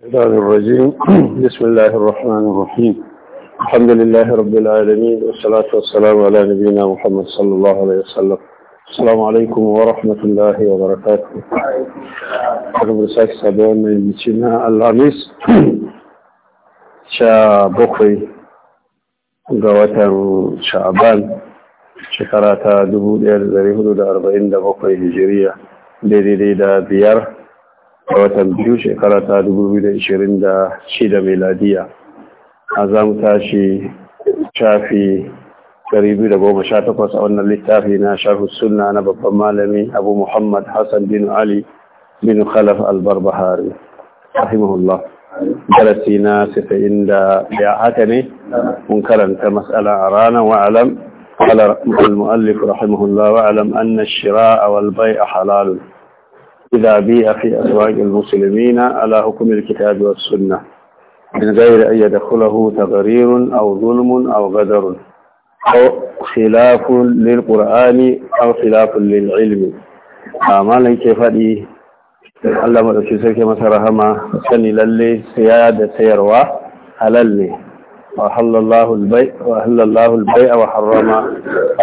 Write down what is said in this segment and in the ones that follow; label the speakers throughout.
Speaker 1: الله الرجيم بسم الله الرحمن الرحيم الحمد لله رب العالمين والصلاة والسلام على نبينا محمد صلى الله عليه وسلم السلام عليكم ورحمة الله وبركاته أكبر بساك سابون من جيتنا الأميس شابوخي قواتا شعبان شكراتا دبو دير ذريه دا أربعين دا هجرية ديري دي دا a watan biyu shekara ta 2026 meladiya a za mu tashi shafi 218 a wannan littafi na shafi sunna na babban malami abu muhammad hassan bin ali bin khalaf albarbahari rahimahullah darasi na ya haka ne mun karanta matsala a ranar wa'alam قال المؤلف رحمه الله واعلم أن الشراء والبيع حلال إذا بيع في أسواق المسلمين على حكم الكتاب والسنة من غير أن يدخله تغرير أو ظلم أو غدر أو خلاف للقرآن أو خلاف للعلم أعمالا كيف دي Allah maɗauki sarki masa rahama sani lalle siya da sayarwa halal ne وأحل الله البيع وأحل الله البيع وحرم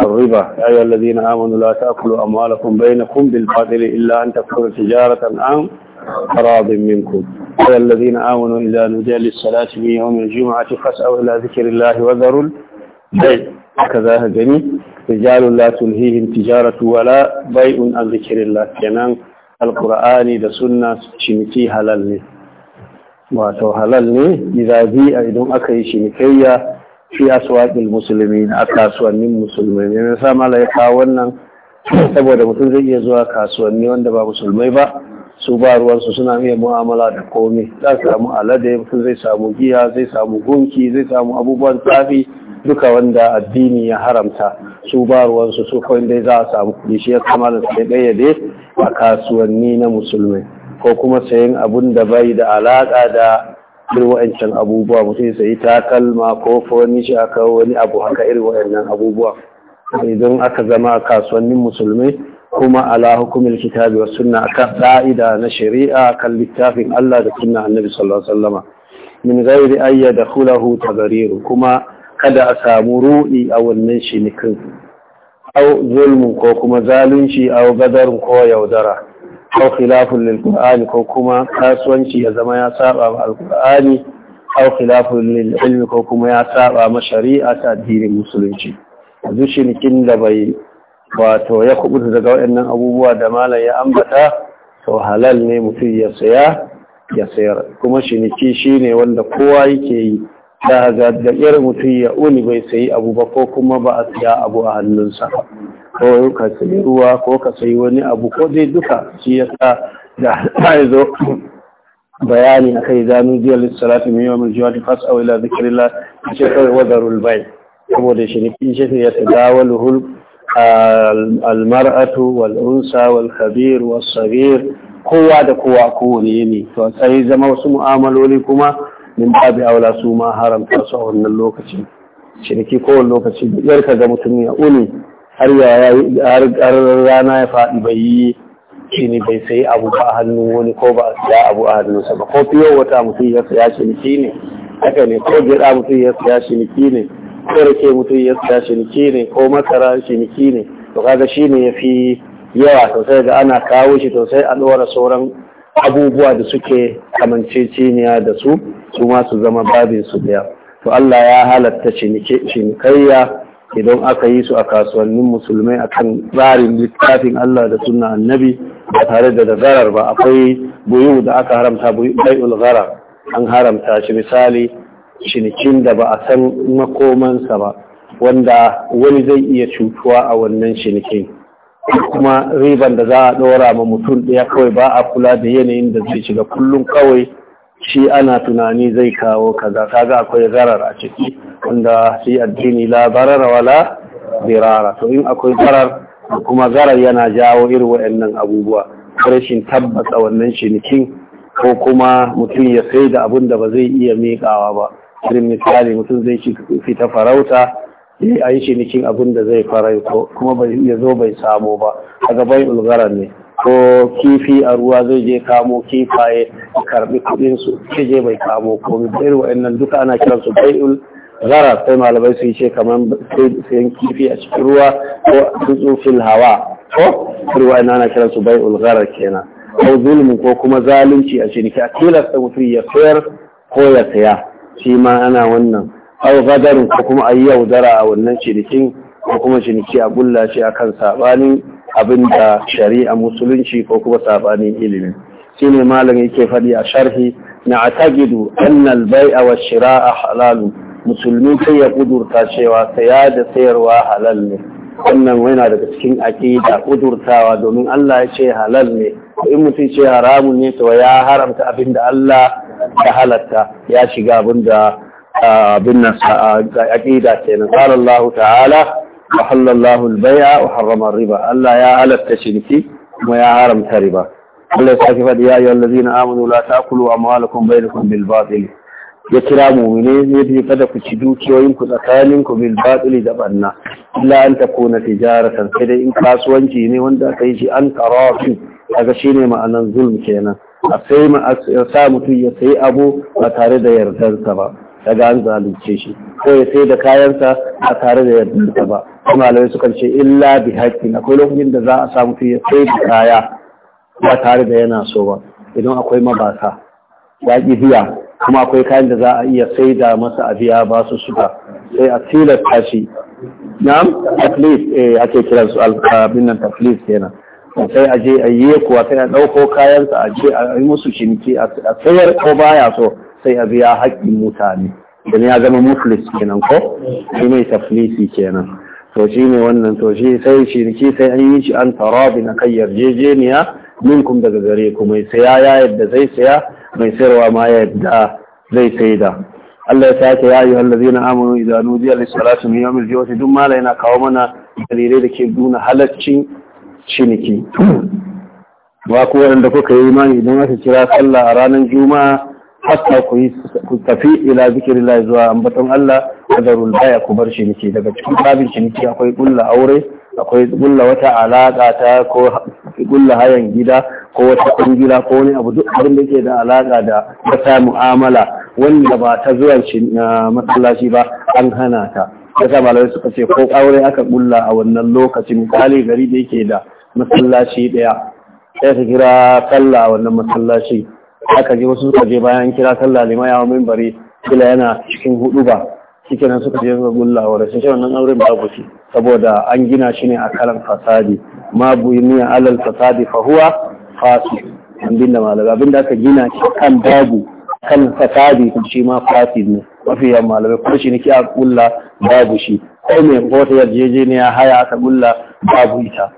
Speaker 1: الربا يا أيها الذين آمنوا لا تأكلوا أموالكم بينكم بالباطل إلا أن تكون تجارة عن راض منكم يا الذين آمنوا إذا نودي للصلاة في يوم الجمعة فاسعوا إلى ذكر الله وذروا البيع هكذا جميع رجال لا تلهيهم تجارة ولا بيع عن ذكر الله كنان القرآن da sunna ciniki halal ne wato halal ne bi a idan aka yi shinikayya fi aswaqil musulmi a kasuwannin musulmai ne sa mala ya kawo wannan saboda mutum zai iya zuwa kasuwanni wanda ba musulmai ba su ba ruwansu suna iya mu'amala da komai za su samu alade mutum zai samu giya zai samu gunki zai samu abubuwan tsafi duka wanda addini ya haramta su ba ruwansu su kawai dai za a samu kuɗi shi ya kamala sai ɗaya a kasuwanni na musulmai ko kuma sayan abun da bai da alaƙa da irin wa'ancan abubuwa mutum sayi takalma ko furniture ko wani abu haka irin wa'annan abubuwa idan aka zama a kasuwannin musulmai kuma ala hukumil kitabi was sunna akan ƙa'ida na shari'a kan littafin Allah da sunna annabi sallallahu alaihi wasallama min ghairi ay yadkhulahu tagarir kuma kada a samu ruɗi a wannan shinikin au zulmun ko kuma zalunci au gadarun ko yaudara aw khilafun lil qur'ani ko kuma kasuwanci ya zama ya saba ma qur'ani aw khilafun lil ilmi ko kuma ya saba ma shari'a ta addinin musulunci yanzu kin da bai wato ya kubuta daga waɗannan abubuwa da malam ya ambata to halal ne mutum ya saya ya sayar kuma shiniki shine wanda kowa yake yi da ga da mutum ya uni bai sayi abu ba ko kuma ba a siya abu a hannunsa ko ka sayi ruwa ko ka sayi wani abu ko dai duka shi ya sa da ya zo bayani a kai zanu jiya lissalatu min yawmin jihadi fasa ila zikrillah ce kawai wadarul bai saboda shi ne kin shi ya tadawal hul almar'atu wal unsa wal kabir was sagir kowa da kowa kowane ne to sai zama wasu mu'amaloli kuma min babi aula su ma haramta su a wannan lokacin shirki kowane lokaci da ka ga mutum ya uni har rana ya faɗi bai yi shi ne bai sai abu ba a hannun wani ko ba ya abu a hannunsa ba ko fiye wata mutum ya saya niki ne haka ne ko gida mutum ya saya niki ne ko rake mutum ya saya niki ne ko masara ciniki ne to kaga shi ne ya fi yawa sosai ga ana kawo shi sosai a ɗora sauran abubuwa da suke kamance ciniya da su su su zama babin su to Allah ya halatta cinikayya idan aka yi su a kasuwannin musulmai akan tsarin littafin Allah da sunna annabi ba tare da dazarar ba akwai buyu da aka haramta bai'ul gharar an haramta shi misali cinikin da ba a san makomansa ba wanda wani zai iya cutuwa a wannan shinikin kuma riban da za a dora ma mutum ɗaya kawai ba a kula da yanayin da zai shiga kullum kawai shi ana tunani zai kawo kaza kaga akwai zarar a ciki wanda shi addini la zarar wala birara to in akwai zarar kuma zarar yana jawo irin wa'annan abubuwa rashin tabbata wannan cinikin ko kuma mutum ya sai da abin da ba zai iya miƙawa ba irin misali mutum zai fita farauta ya yi cinikin abin da zai ko kuma ya zo bai samo ba a gaban ulgarar ne ko kifi a ruwa zai je kamo kifaye ka karbi kudin su ke bai kamo komai bayar wa'annan duka ana kiran su bai'ul zara sai malamai yi ce kamar sayan kifi a cikin ruwa ko tutsu fil hawa ko ruwa ina ana kiran su bai'ul zara kenan ko zulmi ko kuma zalunci a ciniki a tilasta mutum ya sayar ko ya saya shi ma ana wannan au gadarin ko kuma a yaudara a wannan cinikin ko kuma ciniki a bulla shi akan sabanin abin da shari'a musulunci ko kuma sabanin ilimin shine malam yake faɗi a sharhi na atagidu annal bai'a wa shira'a halalu musulmi kai ya kudurta cewa saya da sayarwa halal ne wannan yana daga cikin aqida kudurtawa domin Allah ya ce halal ne in mutum ce haramun ne to ya haramta abin da Allah ya halatta ya shiga abin da abin nan aqida kenan na sallallahu ta'ala wa halallahu al-bai'a wa harrama riba Allah ya halatta ciniki kuma ya haramta riba Allah ya sake faɗi ya yi wallazi na amanu la ta kulu a mawalakun bai da kumbil batsili ya kira mumine ya ce kada ku ci dukiyoyin ku tsakanin ku bil batsili da banna illa an ta kona tijaratan sai dai in kasuwanci ne wanda aka yi shi an tarafi kaga shine ma'anan zulm kenan a sai ma sa mutum ya sayi abu ba tare da yardansa ba daga an zalunce shi ko ya sai da kayansa ba tare da yardansa ba malamai sukan ce illa bi haƙƙin akwai lokacin da za a sa mutum ya sai da kaya ba tare da yana so ba idan akwai mabasa ya ƙi biya kuma akwai kayan da za a iya sai da masa a biya ba su suka sai a tilasta shi na'am taklif eh ake kiran su alƙabin nan taklif kenan sai a je a yi kuwa sai a ɗauko kayansa a je a yi musu ciniki a sayar ko baya so sai a biya haƙƙin mutane dan ya zama muflis kenan ko shi mai taflisi kenan to shi ne wannan to shi sai ciniki sai an yi shi an tarabi na kai yarjejeniya minkum daga gare ku mai saya ya yadda zai saya mai sayarwa ma ya yadda zai da. Allah ya sake ya ayyuhal ladzina amanu idza nudiya lis salati min yawmil jumu'ati duk mala yana kawo mana dalilai da ke nuna halaccin ciniki wa ku wanda kuka yi imani idan aka kira sallah a ranar juma'a hatta ku yi ku tafi ila zikrillah zuwa ambaton Allah kadarul baya ku bar ciniki daga cikin babin ciniki akwai kulla aure akwai gulla wata alaƙa ta ko gulla hayan gida ko wata ƙungila ko wani abu duk abin da ke da alaƙa da wata mu'amala wanda ba ta zuwan masallaci ba an hana ta yasa malamai suka ce ko aure aka gulla a wannan lokacin misali gari da yake da masallaci ɗaya sai ka kira sallah a wannan masallaci aka je wasu suka je bayan kira sallah lima yawa mimbari kila yana cikin hudu ba shikenan suka je suka gulla wa rashin shi wannan auren babu shi saboda an gina shi ne a kalan fasadi ma buniya alal fasadi fa huwa fasid abin da malamai abin da aka gina shi kan babu kan fasadi shi ma fasid ne mafi yan malamai kuma shi nake a kulla babu shi kai mai kota yarjejeniya haya aka kulla babu ita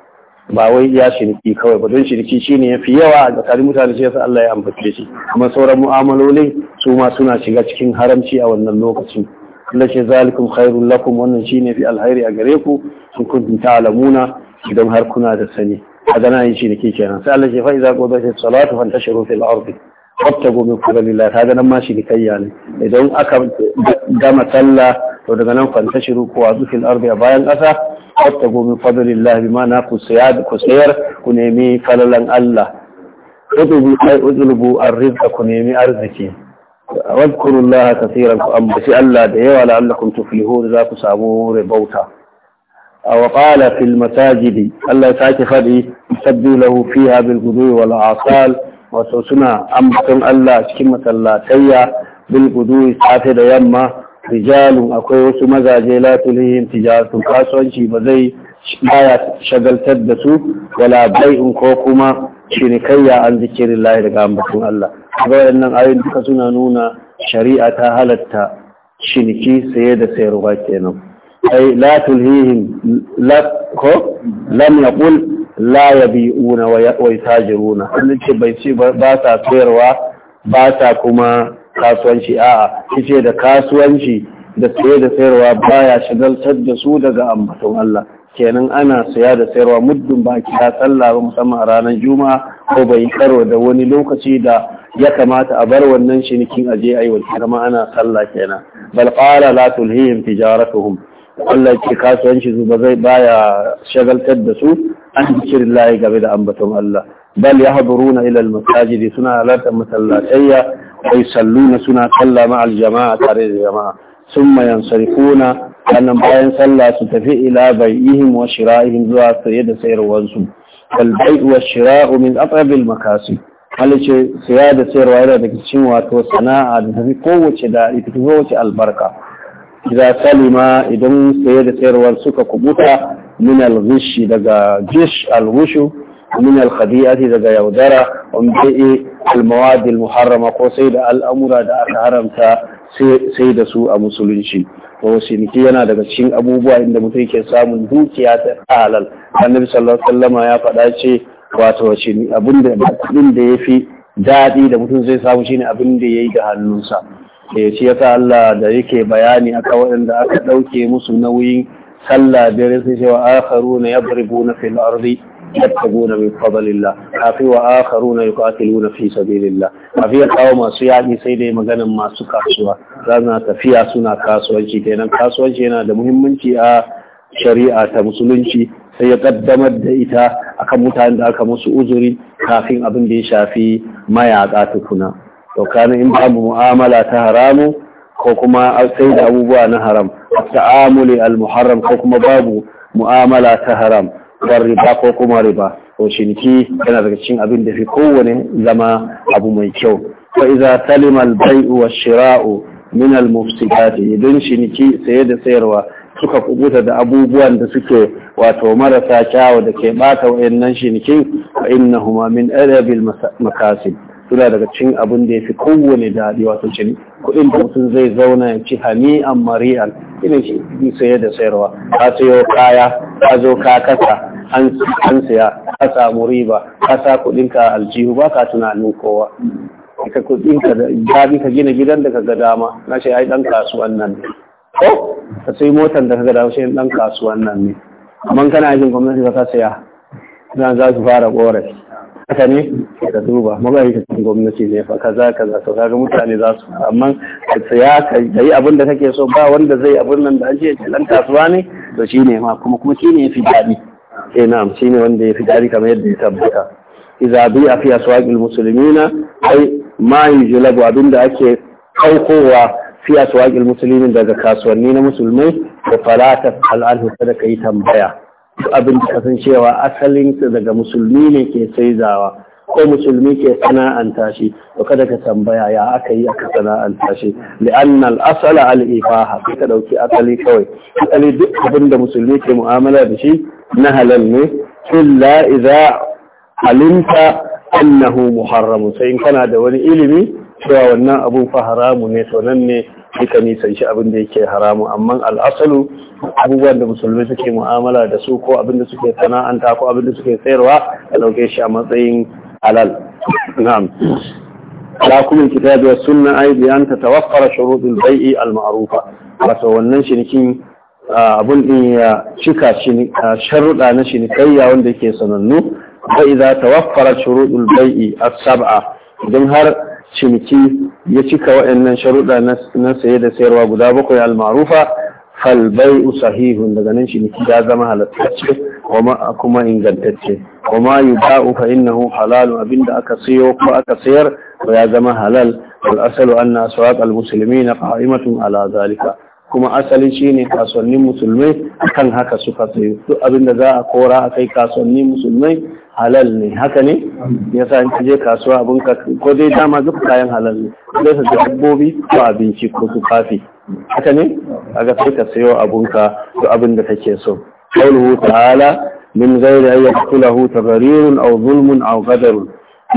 Speaker 1: ba wai ya shirki kawai ba don shirki ne ya fi yawa a tsakanin mutane shi yasa Allah ya ambace shi kuma sauran mu'amaloli su ma suna shiga cikin haramci a wannan lokacin Allah zalikum khairul lakum wannan shine fi alkhairi a gare ku in kuntum ta'lamuna idan har kuna da sani adana yin shi ke kenan sai Allah ya fa iza qudatiya salatu fantashiru fil ardi wabtagu min fadlillah kaga nan ma shi ne kayya ne idan aka gama sallah to daga nan fantashiru ko wazu fil ardi a bayan ƙasa wattago min bi ma na ku siyad ku sayar ku nemi falalan Allah udlubu ay udlubu arrizqa ku nemi arziki واذكروا الله كثيرا فأنبسي الله ديوا لعلكم تفلحون ذاك سامور بوتا وقال في المساجد الله تاكي فدي سبوا له فيها بالغدو والعصال وسوسنا أنبتم الله كمة الله تيا بالغدو ساتد يما رجال أكوي وسمزاجي لا تلهم تجارة كاسوانشي بزي baya shagaltar da su wala in ko kuma shirikayya an zikiri lahi daga ambatun Allah ga nan ayoyin duka suna nuna shari'a ta halatta shiniki saye da sayarwa kenan ai la tulhihim la ko lam yaqul la yabi'una wa yatajiruna ce bai ce ba sa sayarwa ba sa kuma kasuwanci a'a kice da kasuwanci da saye da sayarwa baya shagaltar da su daga ambaton Allah kenan ana saya da sayarwa muddin ba kira sallah ba musamman a ranar juma'a ko bai karo da wani lokaci da ya kamata a bar wannan shinikin aje ayi wani kama ana sallah kenan bal qala la tulhihim tijaratuhum Allah ke kasuwanci su zai baya shagaltar da su an zikirin layi game da ambaton Allah bal ya haɗuruna ilal masajidi suna halartar masallatayya wai salluna suna salla aljama'a jama'a tare da jama'a sun mayan sannan bayan sallah su tafi ila bai'ihim wa shira'ihim zuwa saye da sayarwarsu wal bai'u wa shira'u min aqrabil makasib halice siya da sayarwa yana daga cikin wato sana'a da tafi kowace da ita tafi kowace albarka idza salima idan saye da sayarwar suka kubuta min al-ghish daga jish al-ghushu min al-khadi'ati daga yaudara wa bi'i al al-muharrama ko sai da al'amura da aka haramta sai da su a musulunci wasu niki yana daga cikin abubuwa inda mutum ke samun dukiya ta halal annabi sallallahu alaihi ya faɗa ce wato ni abinda abin da yafi daɗi da mutum zai samu shine abin da yayi da hannunsa eh shi yasa Allah da yake bayani aka waɗanda aka ɗauke musu nauyin sallah dare sai cewa na yadribuna fil ardi يبتغون من فضل الله كافي واخرون يقاتلون في سبيل الله kawo masu yaƙi sai dai maganan masu kasuwa za tafiya suna kasuwanci kenan kasuwanci yana da muhimmanci a shari'a ta musulunci sai ya kaddamar da ita akan mutanen da aka musu uzuri kafin abin da ya shafi mayaƙa tukuna to kana in babu mu'amala ta haramu ko kuma sai da abubuwa na haram ta'amuli al-muharram ko kuma babu mu'amala ta haram war riba ko kuma riba to ciniki yana daga cikin abin da fi kowane zama abu mai kyau fa iza salima al-bai'u shirau min al-mufsidati idan ciniki saye da sayarwa suka kubuta da abubuwan da suke wato marasa kyawu da ke bata wayannan shinikin fa innahuma min adabil makasib suna daga cin abin da ya fi kowane daɗi wato cini, kuɗin da mutum zai zauna ya ci hani a mari'an ina shi saye da sayarwa ka sayo kaya ka zo ka kasa an siya ka samu riba ka sa kuɗinka a aljihu ba ka tunanin kowa ka kuɗinka da ka gina gidan da ga dama na ce ai ɗan kasuwan nan ne ko ka sai motar da ka ga dama shi ɗan kasuwan nan ne amma kana aikin gwamnati ba ka saya za su fara ƙorafi haka ne ka duba ma'aikacin gwamnati ne fa kaza kaza to kaga mutane za su amma ya kai ka yi abin da kake so ba wanda zai abin nan da an ce dan kasuwa ne to shine ma kuma kuma shine yafi dadi eh na'am shine wanda yafi dadi kamar yadda ya tabbata idza bi afi aswaqil muslimina ai ma yujlabu da ake kaukowa fi aswaqil muslimin daga kasuwanni na musulmai da falatat al'anhu kada kai tambaya abin da kasancewa asalinsa daga musulmi ne ke saizawa ko musulmi ke sana'anta shi to kada ka tambaya ya aka yi aka sana'anta shi li'anna al-asala al-ifaha sai ka dauki asali kawai asali duk abin da musulmi ke mu'amala da shi na halal ne illa idza alimta annahu muharram sai in kana da wani ilimi cewa wannan abun fa haramu ne to nan ne kika nisan shi abin da yake haramu amma al-asalu abubuwan da musulmi suke mu'amala da su ko abin da suke sana'anta ko abin da suke tsayarwa a ɗauke shi a matsayin halal na'am ala kuma kitabi wa sunna ai bi an bai'i al ma'rufa wato wannan shinikin abun din ya cika sharuɗa na shinikayya wanda yake sanannu fa idza tawaffara shurutul bai'i as-sab'a idan har ciniki ya cika waɗannan sharuɗa na saye da sayarwa guda bakwai al-ma'rufa falbai sahihun daga nan ciniki ya zama halattacce wa kuma ingantacce kuma yi ba'u fa innahu halalu abinda aka siyo ko aka sayar ko ya zama halal wal asalu anna aswaq al na qa'imatun ala zalika kuma asali shine kasuwannin musulmai kan haka suka sayo duk abinda za a kora a kai kasuwannin musulmai halal ne haka ne yasa in je kasuwa abin ko dai dama duk kayan halal ne sai su dabbobi ko abinci ko tufafi haka ne Aga sai ka sayo abunka da abin da kake so qawluhu ta'ala min ghairi an yaqulahu tagharirun aw zulmun aw ghadarun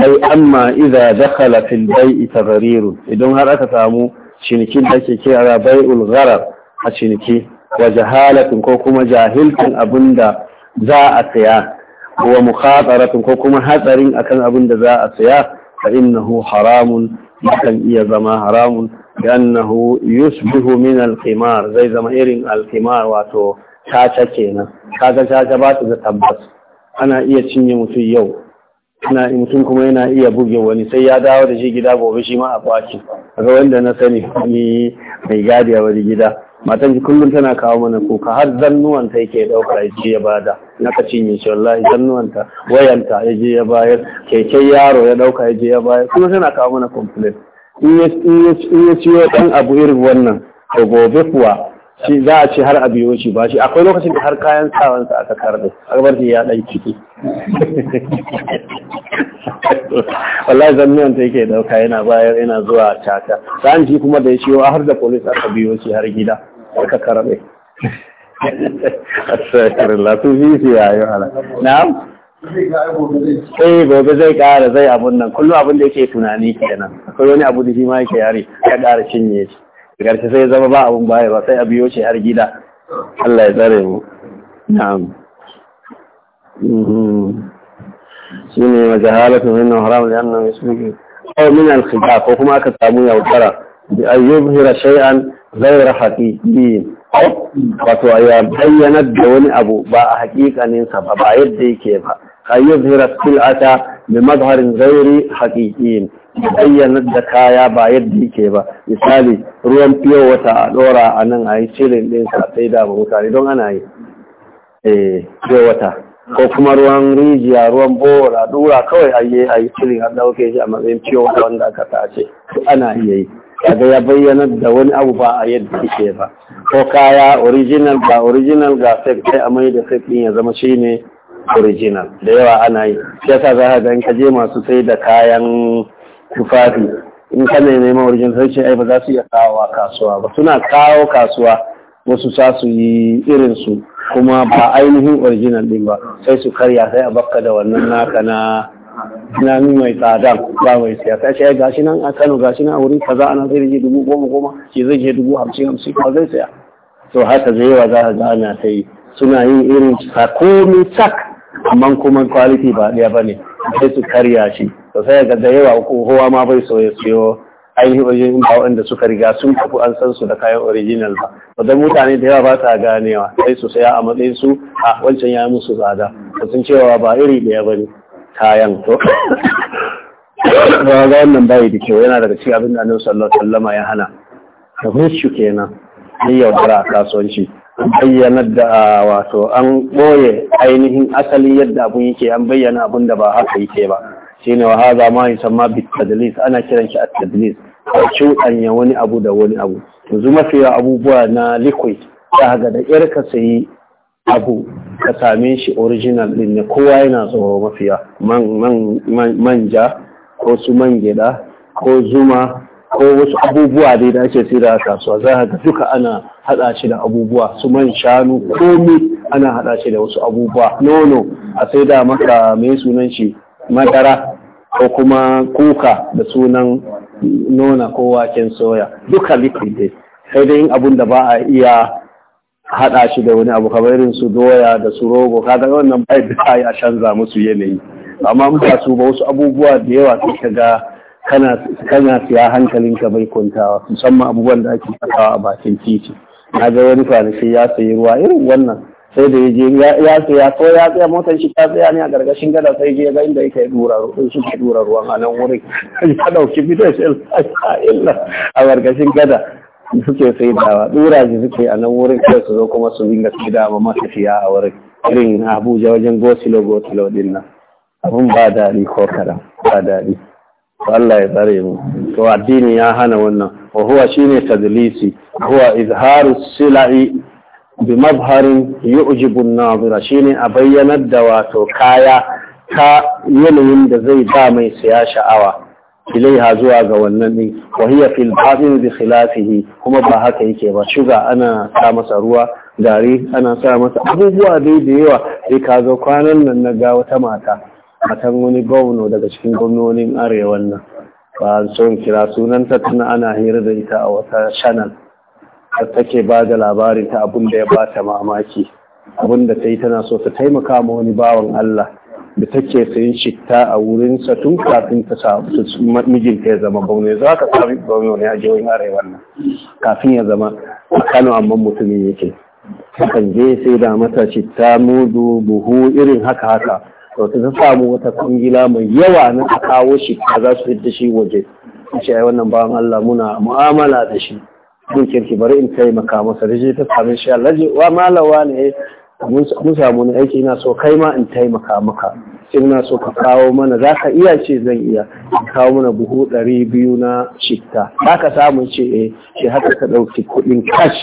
Speaker 1: ai amma idza dakhala fil bai'i tagharirun idan har aka samu cinikin da ke kira bai'ul gharar a ciniki wa jahalatin ko kuma jahiltin abinda za a saya wa mukhataratun ko kuma hatsarin akan abin da za a saya fa innahu haramun yakan iya zama haramun لأنه zai zama irin زي wato القمار kenan. شاشة كينا شاشة شاشة بات إذا تبس أنا إيه تشيني متي يو أنا mutum kuma yana iya buge wani sai ya dawo da shi gida gobe shi ma a kwaci daga wanda na sani ni mai gadi a wani gida Matar kullum tana kawo mana kuka har zannuwanta yake ɗaukar ya ya bada naka cinye shi wallahi zannuwanta wayanta ya je ya keke yaro ya ɗauka ya je ya bayar kuma tana kawo mana complaint in ya ciyo ɗan abu irin wannan to gobe kuwa shi za a ce har a biyo shi ba shi akwai lokacin da har kayan sawansa aka karbe albar ya ɗan ciki wallahi zanniyan ta yake dauka yana bayar yana zuwa caka, sa'an shi kuma da ya a har da polis aka biyo shi har gida aka karbe astagfirullah tu fi ya yi na'am eh gobe zai kara zai abun nan kullum abin da yake tunani kenan akwai wani abu da shi ma yake yare ya kara cinye shi karshe sai zama ba abun baya ba sai a biyo shi har gida Allah ya tsare mu na'am mhm. shi ne majahalatu min haram da annan yasmiki aw min al ko kuma aka samu yaudara bi ayyubhira shay'an ghayra haqiqin wato ya bayyana da wani abu ba a hakikaninsa ba ba yadda yake ba أن يظهر السلعة بمظهر غير حقيقي bayyana da kaya ba yadda yake ba misali ruwan fiyo wata a dora a nan a yi shirin din sa sai da ba mutane don ana yi eh fiyo wata ko kuma ruwan rijiya ruwan bola dura kawai a yi a yi shirin a dauke shi a matsayin fiyo wata wanda aka tace ana iya yi kaga ya bayyana da wani abu ba a yadda yake ba ko kaya original ba, original ga fake sai a mai da fake din ya zama shine original da yawa ana yi shi yasa za ka ga kaje ka je masu sai da kayan tufafi in ka neman original sai ce ai ba za su iya kawo kasuwa ba suna kawo kasuwa wasu sa su yi irin su kuma ba ainihin original din ba sai su karya sai a bakka da wannan naka na tunani mai tsada ba mai siya ta ce gashi nan a Kano gashi nan a wurin kaza ana sai je dubu goma goma ke zai je dubu hamsin hamsin ba zai siya to haka zai yawa za a gana ana ta yi suna yin irin sakomi tak. amma kuma quality ba ɗaya ba ne sai su karya shi to sai ga da yawa kowa ma bai so ya siyo ainihin wajen ba wanda suka riga sun tafi an san su da kayan original ba wajen mutane da yawa ba ta ganewa sai su saya a matsayin su a ah, wancan ya musu tsada ba sun cewa ba iri ɗaya ba ne kayan to ga wannan bayi da kyau yana daga cikin abin da annabi sallallahu alaihi ya hana da hushu kenan ni yaudara kasuwanci bayyana da wato an ɓoye ainihin asali yadda abun yake an bayyana abun da ba haka yake ba shine wa haza ma yusamma bi tadlis ana kiran shi at tadlis cuɗanya wani abu da wani abu yanzu mafi abubuwa na liquid za ga da ƙyar ka sayi abu ka same shi original din ne kowa yana tsoro mafiya man manja ko su man gida ko zuma ko wasu abubuwa dai da ake sai da kasuwa za ka duka ana haɗa shi da abubuwa su man shanu komi ana haɗa shi da wasu abubuwa nono a sai da maka mai sunan shi madara ko kuma kuka da sunan nona ko waken soya duka liquid dai sai dai abun da ba a iya haɗa shi da wani abu kamar irin su doya da su rogo kaga wannan bai da a canza musu yanayi amma in ba ba wasu abubuwa da yawa sai ka ga kana siya hankalin ka bai kwantawa musamman abubuwan da ake sakawa a bakin titi na ga wani kwanaki ya sayi ruwa irin wannan sai da je ya tsaya ko ya tsaya motar shi ta tsaya ne a gargashin gada sai je ga inda yake dura ruwan shi ke dura ruwan a nan wurin ya dauki bidon shi illa a gargashin gada suke sai dawa dura ji suke a nan wurin kai su zo kuma su dinga sai dawa masu fiya a wurin irin Abuja wajen gosilo gosilo din nan abun ba daɗi ko kaɗan ba daɗi Allah ya tsare mu to addini ya hana wannan wa huwa shine tadlisi huwa izharu sila'i bi mabharin yu'jibu an-nazira shine a bayyanar da wato kaya ta yanayin da zai ba mai siya sha'awa ilaiha zuwa ga wannan din wa hiya fil batin bi khilafihi kuma ba haka yake ba shuga ana sa masa ruwa gari ana sa masa abubuwa dai da yawa sai ka kwanan nan na ga wata mata matan wani gwamno daga cikin gwamnonin arewa nan ba an son kira sunanta tana ana hira da ita a wata channel har take ba da labarin ta abin da ya bata mamaki abin da ta yi tana so ta taimaka ma wani bawan Allah da take sayin citta a wurinsa tun kafin ta samu mijinta ya zama gwamna za ka sami gwamna ne a jihohin arewa nan kafin ya zama a kano amma mutumin yake kan je sai da mata citta mudu buhu irin haka haka to ta samu wata kungila mai yawa na a kawo shi ka za su fita shi waje ce ai wannan bawan Allah muna mu'amala da shi duk kirki bari in taimaka masa da shi ta sami shi Allah ji wa malawa ne mun samu ne aiki ina so kai ma in taimaka maka in na so ka kawo mana za ka iya ce zan iya kawo mana buhu ɗari biyu na shitta za ka samu ce eh shi haka ka ɗauki kuɗin cash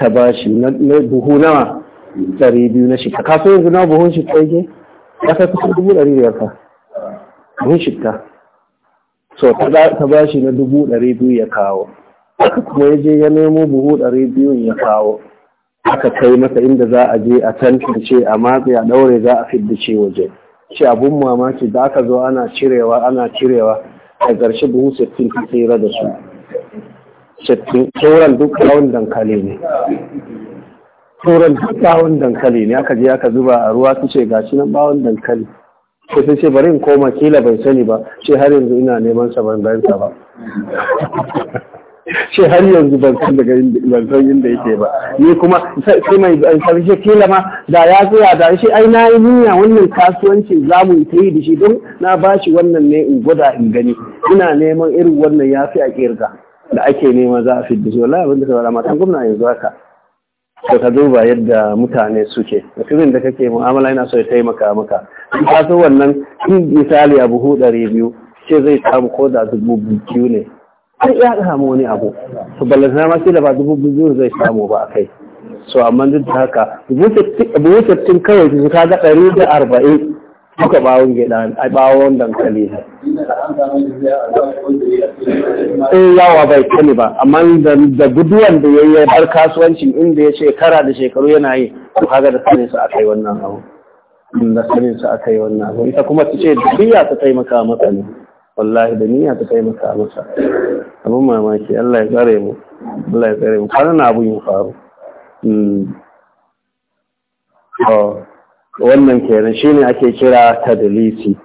Speaker 1: ta bashi na buhu nawa ɗari biyu na shitta ka so yanzu na buhun shitta yake ya ta kusa dubu ɗari biyar fa mun so ta ba na dubu ɗari biyu ya kawo haka kuma ya je ya nemo buhu ɗari biyun ya kawo aka kai masa inda za a je a tantance a matse a ɗaure za a fiddace waje ce abun mamaki da aka zo ana cirewa ana cirewa a ƙarshe buhu sittin ta tsira da su sittin sauran duk kawon dankali ne Turan bawon dankali ne aka je aka zuba a ruwa su ce gashi nan bawon dankali sai sun ce bari in koma kila bai sani ba ce har yanzu ina neman sa ban gansa ba ce har yanzu ban san daga ban san inda yake ba ni kuma sai mai sarki kila ma da ya tsaya da shi ai na yi niyya wannan kasuwanci za mu yi da shi don na bashi wannan ne in gwada in gani ina neman irin wannan ya fi a kirga da ake neman za a fi da shi wallahi abin da ta matan gwamna yanzu haka to ka duba yadda mutane suke da mutumin da kake mu'amala yana so ya taimaka maka in ka so wannan in misali abu hu ɗari biyu ce zai samu ko da dubu biyu ne sai ya samu wani abu to ballantana ma shi da ba dubu biyu zai samu ba a kai so amma duk da haka buwutattun kawai su ka ga ɗari da arba'in duka bawon gida a bawon dankali ne eh yawa bai kani ba amma da guduwan da ya yi bar kasuwancin inda ya shekara da shekaru yana yi to kaga da sanin aka yi wannan abu da sanin aka yi wannan abu ita kuma ta ce duniya ta taimaka masa ne wallahi da niyya ta taimaka masa abin mamaki Allah ya tsare mu Allah ya tsare mu kana abun ya faru hmm. wannan kenan shine ake kira tadlisi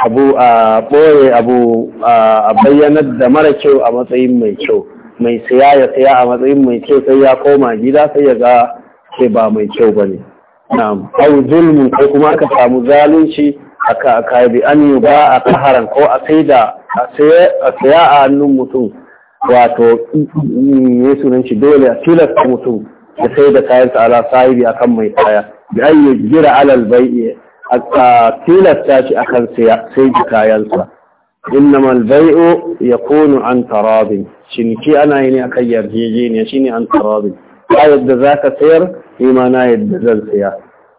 Speaker 1: abu a ɓoye abu a bayyanar da mara kyau a matsayin mai kyau mai siya ya siya a matsayin mai kyau sai ya koma gida sai ya ga ke ba mai kyau ba ne na'am au zulmi ko kuma aka samu zalunci aka aka bi an yi ba a kaharan ko a sai da a siya a hannun mutum wato Yesu sunan shi dole a tilasta mutum ya sai da kayan kayansa ala sahibi akan mai kaya da an yi jira alal bai'i a tilasta shi akan sai da kayansa innama ya yakunu an tarabin ciniki ana yi ne akan yarjejeniya shine an tarabin ba yadda zaka sayar ni ma na yadda zan saya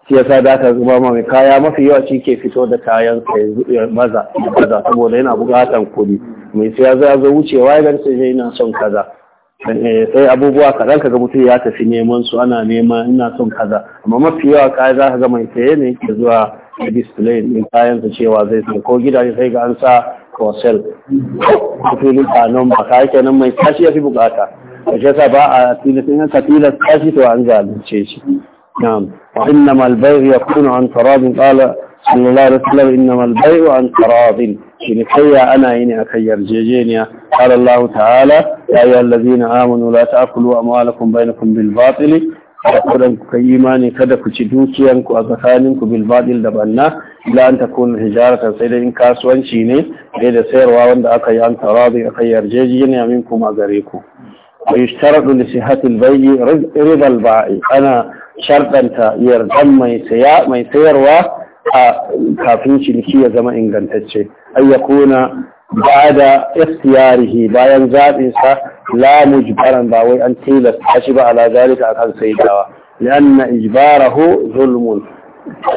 Speaker 1: shi yasa da ka zuba ma mai kaya mafi yawa shi ke fito da kayan ya maza saboda yana bukatan kuɗi mai saya za zo wucewa gani sai yana son kaza Eh, sai abubuwa kaɗan ka ga mutum ya tafi neman su ana nema ina son kaza amma mafi yawa kaya za ka ga mai saye ne ke zuwa da display din kayan su cewa zai sai ko gidaje sai ga an sa kosel ko filin kanon ba kaya kenan mai kashi ya fi bukata a shi sa ba a tilasin ka tilas kashi to an zalunce shi na'am wa innamal bay'u yakunu an taradin qala sallallahu alaihi wasallam innamal bay'u an taradin cinikayya ana yi ne akan yarjejeniya qala Allah ta'ala ya ayyuhallazina amanu la Akulu, a bainakum bil batil kudan ku kai imani kada ku ci dukiyanku a tsakanin ku batil da banna la an takun hijaratan sai da in kasuwanci ne dai da sayarwa wanda aka yi an taradi aka yarjejeniya min kuma gare ku wa yushtaradu li sihhati al bay'i ba'i ana shardanta yardan mai saya mai sayarwa a kafin ciniki ya zama ingantacce ayyakuna ba da istiyarihi bayan zaɓinsa lamu jibaran ba wai an tilasta shi ba ala zalika akan sai dawa lanna ijbarahu zulmun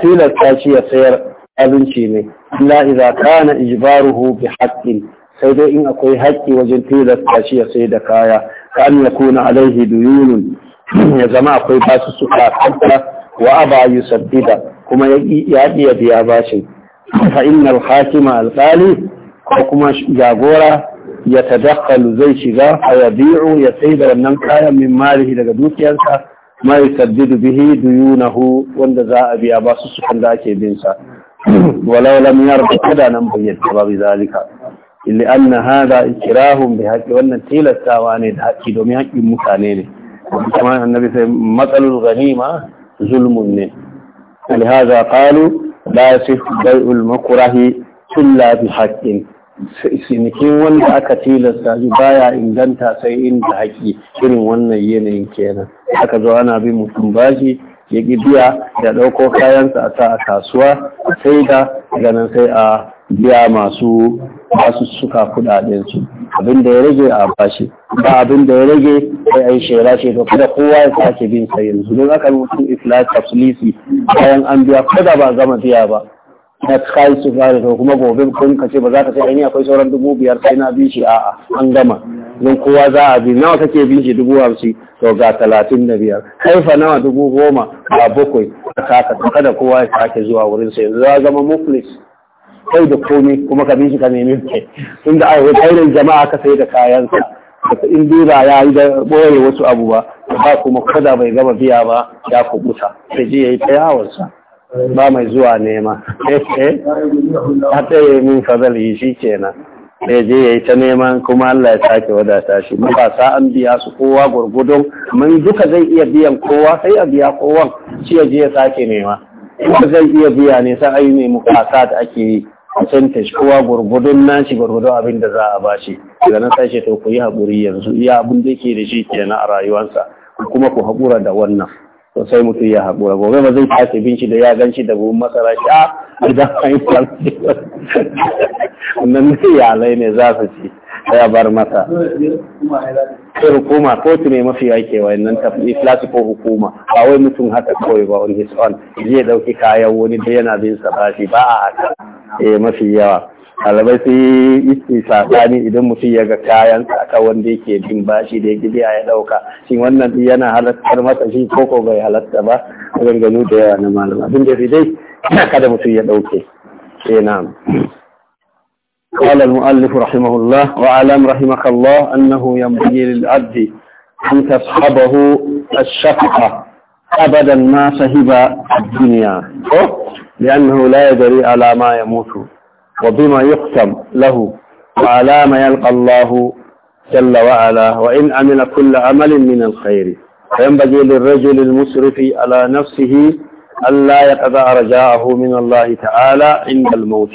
Speaker 1: tilasta shi ya sayar abinci ne illa idza kana ijbaruhu bi haqqin sai dai in akwai haƙƙi wajen tilasta shi ya sai da kaya ka an yakuna alaihi duyunun ya zama akwai basu suka wa aba yusaddida kuma ya ba biya bashin fa innal hakima alqali ko kuma jagora ya tadakkalu zai shiga fa yabi'u ya sai da wannan kayan min malihi daga dukiyarsa ma yusaddidu bihi duyunahu wanda za a biya basu sukan da ake bin sa walau lam yarda kada nan bayyana ba bi zalika illi anna hada ikrahum bi haqqi wannan tilastawa ne da haƙƙi domin haƙƙin mutane ne kuma annabi sai matsalul ganima zulmun ne ولهذا قالوا لا يصح بيع المكره إلا بحق sinikin wanda aka tilasta shi baya inganta sai inda haƙi irin wannan yanayin kenan aka zo ana bin mutum bashi ya biya ya ɗauko kayansa a sa a kasuwa sai da ganin sai a biya masu masu suka kudaden su abin da ya rage a bashi ba abin da ya rage sai ai shera ce to kada kowa ya sake bin sa yanzu don aka yi mutu iflas tafsilisi bayan an biya kada ba gama biya ba na kai su fara to kuma gobe kun ka ce ba za ka sai ai akwai sauran dubu biyar sai na bin shi a'a an gama don kowa za a bi nawa kake bin shi dubu hamsin to ga talatin da biyar Haifa nawa dubu goma a bakwai a kada kowa ya sake zuwa wurin sa yanzu za zama muflis kai da komai kuma ka bi shi ka nemi kai tunda a wajen jama'a ka sai da kayansa da in dura ya yi da boye wasu abu ba ba kuma kada bai gama biya ba ya kubuta sai je yayi yi ba mai zuwa nema a yi min fadali shi kenan sai je yayi ta nema kuma Allah ya sake wadata shi sa an biya su kowa gwargwadon mun duka zai iya biyan kowa sai a biya kowa shi ya je ya sake nema duka zai iya biya ne sai ayi ne mukasa da ake yi percentage kowa gurgudun nashi gurgudun abin da za a bashi daga nan sai to ku yi haƙuri yanzu iya abin da yake da shi kenan a rayuwarsa kuma ku haƙura da wannan to sai mutum ya haƙura gobe ba zai tafi bin da ya gan shi da buhun masara sha. Ah, idan an yi kwanci wannan ne yalai ne za su ci ya bar masa sai hukuma ko ne mafi yake wa nan tafi islasi ko hukuma ba wai mutum haka kawai ba on his own zai ɗauki kayan wani da yana bin sa bashi ba a haka eh, mafi yawa ɗalibai sai yi sabani idan mutum ya ga kayan aka wanda yake bin bashi da yake biya ya ɗauka shin wannan duk yana halattar masa shi koko bai halatta ba ganganu da yawa na malama abin da dai kada mutum ya ɗauke sai na'am قال المؤلف رحمه الله وعلم رحمك الله أنه ينبغي للعبد أن تصحبه الشفقة أبدا ما صهب الدنيا لأنه لا يدري على ما يموت وبما يقسم له وعلى ما يلقى الله جل وعلا وإن عمل كل عمل من الخير فينبغي للرجل المسرف على نفسه أن لا يقضى رجاءه من الله تعالى عند الموت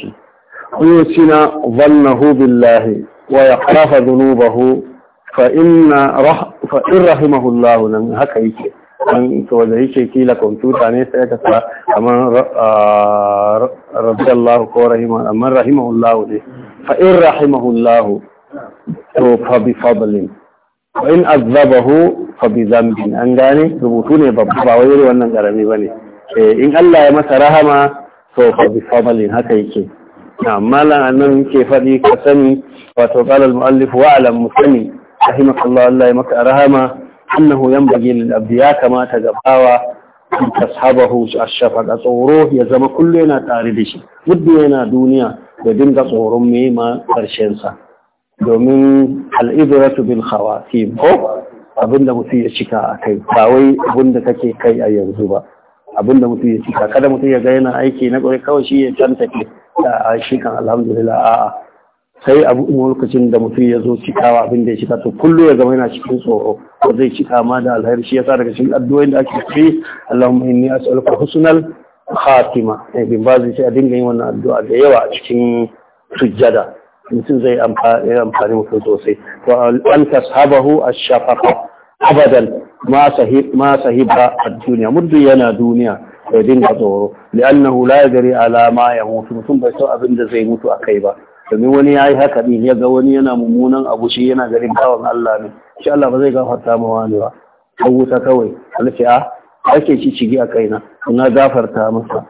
Speaker 1: ويسن ظنه بالله ويخاف ذنوبه فإن رح فإن رحمه الله لن هكيك an to yake kila kwamfuta ne sai ka sa kamar ah, radiyallahu ko rahima amma rahimahullahu ne fa in rahimahullahu to fa bi fadlin wa in azabahu fa bi zambin an gane rubutu ne babba ba wai wannan ba bane eh, in Allah ya masa rahama to fa bi fadlin haka yake amma malan annan ke faɗi ka sani wato qala al muallif wa alam musani
Speaker 2: rahimakallahu
Speaker 1: Allah ya maka rahama annahu yanbaghi lil abdi ya kamata ga bawa an tashabahu ash-shafaqa tsoro ya zama kullu yana tare da shi muddin yana duniya da dinga tsoron me ma karshen sa domin al-ibratu bil khawatim ko abinda mutum ya cika a kai ba wai abinda kake kai a yanzu ba abinda mutum ya cika kada mutum ya ga yana aiki na kawai shi ya can ke a shi kan alhamdulillah a'a sai abu lokacin da mutum ya zo cikawa abin da ya cika to kullu ya zama yana cikin tsoro ko zai cika ma da alheri shi yasa daga cikin addu'o'in da ake yi Allahumma inni as'aluka husnal khatima eh bin bazin sai a dinga yin wannan addu'a da yawa a cikin sujjada mutum zai amfani mutum sosai to an tashabahu ash-shafaqa abadan ma sahib ma sahiba ad-dunya muddu yana duniya ya dinga tsoro li'annahu la yadri ala ma yamutu mutum bai san abin da zai mutu akai ba domin wani ya yi haka ɗin ya ga wani yana mummunan abu shi yana garin bawan Allah ne shi Allah ba zai gafarta ma wani ba kan kawai alfi a ah, ake ci cigi a kaina na gafarta masa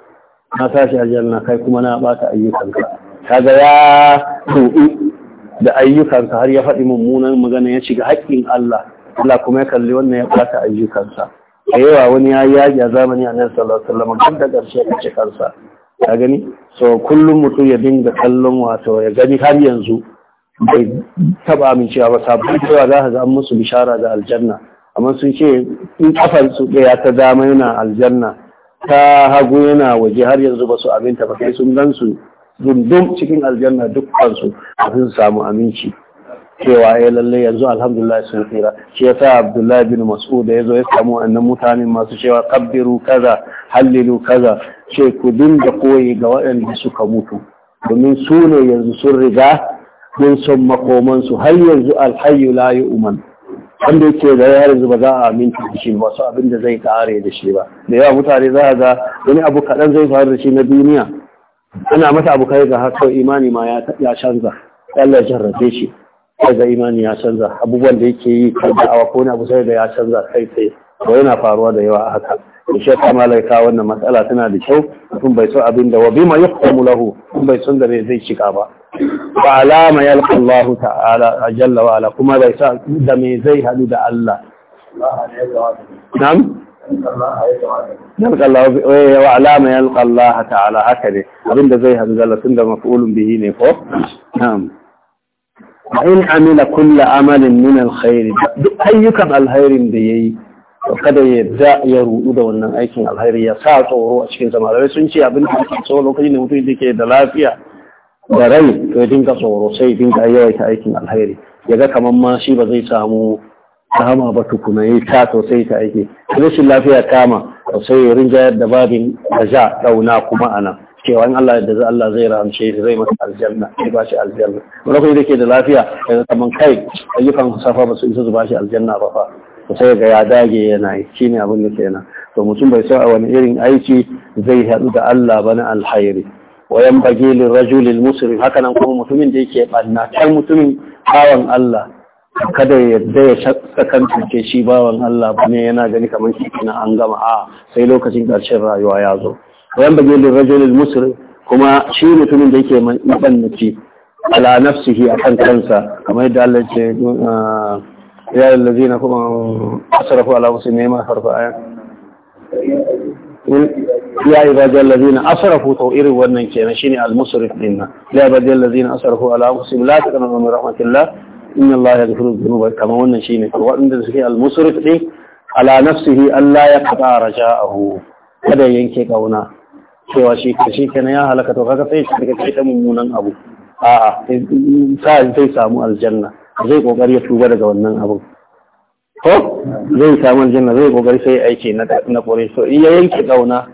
Speaker 1: na sashi aljanna kai kuma na bata ayyukanka kaga ya tuɓi da ayyukansa har ya faɗi mummunan magana ya shiga haƙƙin Allah Allah kuma ya kalli wannan ya bata ayyukansa a yawa wani ya yi yaji a zamani a nan sallallahu alaihi wasallam duk da ƙarshe ya ci kansa ka gani so kullum mutum ya dinga kallon wato ya gani har yanzu bai taba amincewa ba sabbin cewa za a ga an musu bishara da aljanna amma sun ce in kafar su ɗaya ta dama yana aljanna ta hagu yana waje har yanzu ba su aminta ba sai sun gan su dundum cikin aljanna dukkan su kafin su samu aminci cewa ya eh, lalle yanzu alhamdulillah sun tsira shi yasa abdullahi bin mas'ud ya zo ya samu wannan mutane masu cewa kabbiru kaza hallilu kaza ce ku dinga koyi ga waɗanda suka mutu domin su ne yanzu sun riga mun san makomansu har yanzu alhayu la yu'man wanda yake da har yanzu ba za a aminta da shi wasu abin da zai kare da shi ba da yawa mutane za a ga wani abu kaɗan zai faru da shi na duniya ana mata abu kai ga haka imani ma ya canza Allah ya jarrabe shi ga imani ya canza abubuwan da yake yi kan da'awa ko na abu sai da ya canza kai sai to yana faruwa da yawa haka da shi ta malaika wannan matsala tana da kyau mutum bai so abin da wa bima yuqamu lahu mutum bai san da bai zai cika ba wa alama yalqa Allah ta'ala jalla wa ala kuma bai sa da me zai hadu da Allah na'am يلقى الله وعلى ما يلقى الله تعالى هكذا ابن ذي هذا لسند مفعول به نفوق نعم in amila kulla amalin min alkhairi duk ayyukan alkhairin da yayi to kada ya ya rudu da wannan aikin alkhairi ya sa tsoro a cikin zama sun ce abin da ke so lokacin da mutum yake da lafiya da rai to ya dinga tsoro sai ya dinga yawaita aikin alkhairi ya ga kamar ma shi ba zai samu kama ba tukuna ya ta sosai ta aiki rashin lafiya kama sai rinjayar da babin da ja dauna kuma anan cewa in Allah da Allah zai rahamce shi zai masa aljanna zai ba shi aljanna lokacin da ke da lafiya daga kaman kai ayyukan safa ba su isa su ba shi aljanna ba fa sai ga ya dage yana yi shine abin da kenan to mutum bai san a wani irin aiki zai haɗu da Allah ba na alhairi wa yanbaghi lirajulil musri haka nan kuma mutumin da yake banna kai mutumin bawan Allah kada ya yadda ya sakantance shi bawan Allah bane yana gani kamar shi na an gama a sai lokacin ƙarshen rayuwa ya zo wayan bage da rajul al musri kuma shi mutumin da yake mabannaci
Speaker 2: ala nafsihi kan kansa
Speaker 1: kamar yadda Allah ya ce ah, ya allazina kuma asrafu ala muslimina ma farfa aya ya ibadiyar lazina asarafu to irin wannan kenan shine al-musrif din nan ya ibadiyar lazina asarafu ala muslim la ta kana min rahmatillah inna allaha yaghfiru dhunuba kama wannan shine wadanda suke al-musrif din ala nafsihi alla yaqta raja'ahu kada yanke kauna cewa shi shi kenan ya halaka to kaga sai shi kake ta mummunan abu a'a sai sai samu aljanna zai kokari ya tuba daga wannan abu ko zai samu aljanna zai kokari sai aiki na na kore so iya yanke kauna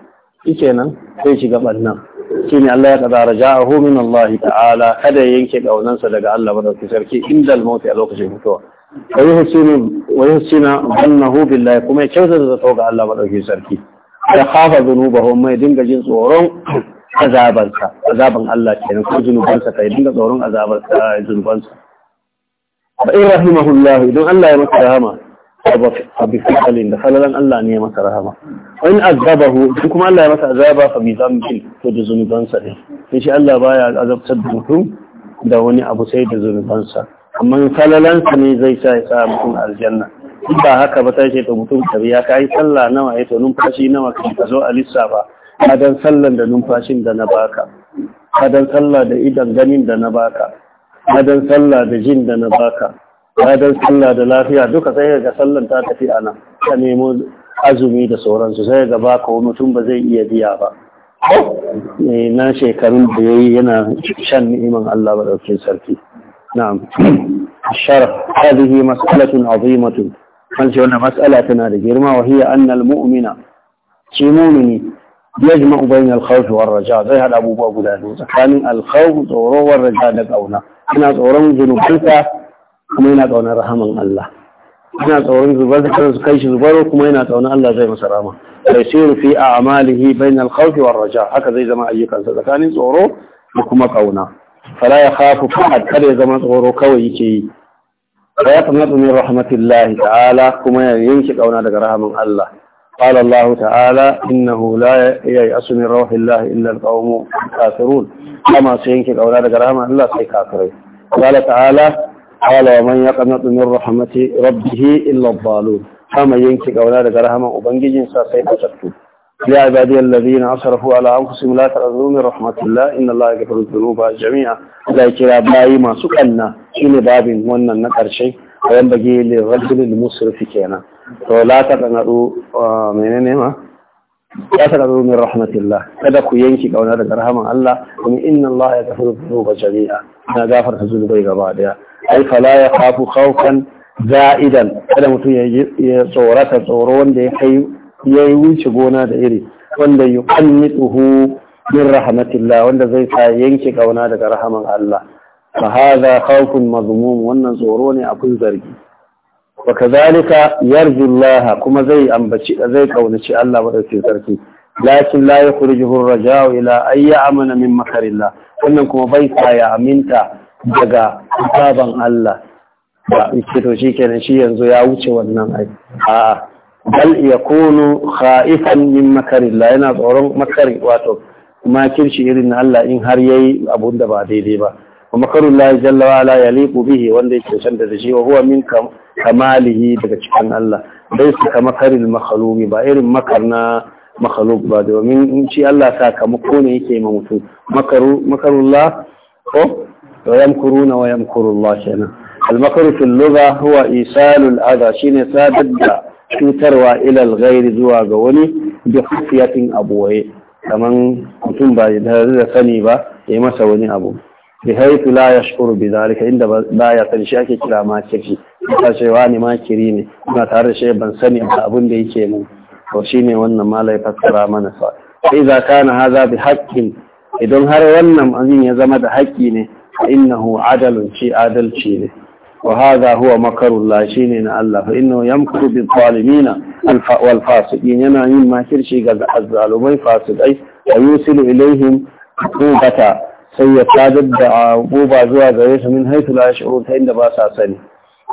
Speaker 1: kenan sai shiga bannan shine Allah ya kadara raja'ahu min Allah ta'ala kada ya yanke kaunansa daga Allah madaukakin sarki inda al-maut a lokacin mutuwa Wai yuhsinu wa yuhsinu annahu billahi kuma ya kyautata da ga Allah madaukakin sarki ya khafa zunubahum mai dinga jin tsoron azabansa azaban Allah kenan ko zunubansa kai dinga tsoron azabansa zunubansa fa in rahimahullah idan Allah ya masa rahama fa bi fadlin da falalan Allah ne ya masa rahama wa in azabahu kuma Allah ya masa azaba fa bi zambin ko da zunubansa ne in shi Allah baya azabtar da mutum da wani abu sai da zunubansa amma falalansa ne zai sa ya sa mutum aljanna in ba haka ba sai ce to mutum kabi ya kai sallah nawa ya eh, to numfashi nawa kai ka zo a lissafa ka dan sallan da numfashin da na baka kadan dan sallah da idan ganin da na baka kadan sallah da jin da na baka kadan sallah da lafiya duka sai ga sallan ta tafi ana ka nemo azumi da sauransu sai ga baka wani mutum ba zai iya biya ba eh, na shekarun da yayi yana shan ni'iman Allah ba sarki na'am sharh هذه مسألة عظيمة kan ce wannan matsala tana da girma wa hiya annal mu'mina shi mu'mini yajma'u bainal khawfi war raja zai hada abubuwa guda biyu tsakanin al khawf tsoro war raja da kauna ina tsoron zunubanka kuma ina kaunar rahaman Allah ina tsoron zubar da kansu kai shi zubar. kuma ina tsoron Allah zai masa rama sai siru fi a'malihi bainal khawfi war raja haka zai zama ayyukansa tsakanin tsoro da kuma kauna fala ya khafu fahad kada ya zama tsoro kawai yake yi wa ya kamata min rahmatillahi ta'ala kuma ya yanke kauna daga rahaman Allah قال الله تعالى إنه لا ييأس من روح الله إلا القوم الكافرون كما سينك أولاد رحمة الله سي كافرين قال تعالى قال ومن يقنط من رحمة ربه إلا الضالون كما ينكك أولاد رحمة وبنجي جنسا سي يا عبادي الذين أسرفوا على أنفسهم لا تأذوا من رحمة الله إن الله يغفر الذنوب جميعا لا كلا باي ما سكننا إن باب ونا نكر شيء وينبغي للرجل المسرف كينا فلا تقنطوا منين ما لا تقنطوا من رحمة الله kada ku yanki kauna daga rahaman Allah kuma inna Allah ya gafaru dhunuba jami'a na gafarta zunubai gaba daya ai fala ya khafu za'idan kada mutum ya tsorata tsoro wanda ya kai ya wuce gona da iri wanda yuqannituhu min rahmatillah wanda zai sa yanke kauna daga rahaman Allah fa hadha khawfun mazmum wannan tsoro ne abin zargi wa kadhalika yarju Allah kuma zai ambaci zai kaunaci Allah madaukakin sarki lakin la yukhrijuhu ar-raja'u ila ay amana min makarillah wannan kuma bai sa ya aminta daga baban Allah ba shi to kenan shi yanzu ya wuce wannan a'a bal haifan khaifan min la yana tsoron makari wato makirci irin na Allah in har yayi abun da ba daidai ba wa la jalla wa ala yaliqu bihi wanda yake san da shi wa huwa min kamalihi daga cikin Allah dai su kama karil makhluqi ba irin makar na makhluk ba domin in ci Allah sakamako ne yake ma mutum makaru la ko wa yamkuruna wa yamkurullah kenan al makaru fil lugha huwa isalul adha shine sadadda cutarwa ilal gairi zuwa ga wani bi abu waye. kamar mutum ba da da sani ba yi masa wani abu bi haifu la yashkuru bi zalika inda ba ya san shi ake kira ma kirki ta wa ne ma kiri ne tare da shi ban sani ba abin da yake mun to ne wannan malai fassara mana sa sai za na haza bi haƙƙin. idan har wannan abin ya zama da haƙƙi ne innahu adalun shi adalci ne وهذا هو مكر الله شين الله فإنه يمكر بالظالمين والفاسقين ينا ما كرشي قد أزال فاسد أي ويوصل إليهم عقوبة سيتادد عقوبة زوا غيرها من حيث لا يشعرون حين باسا سني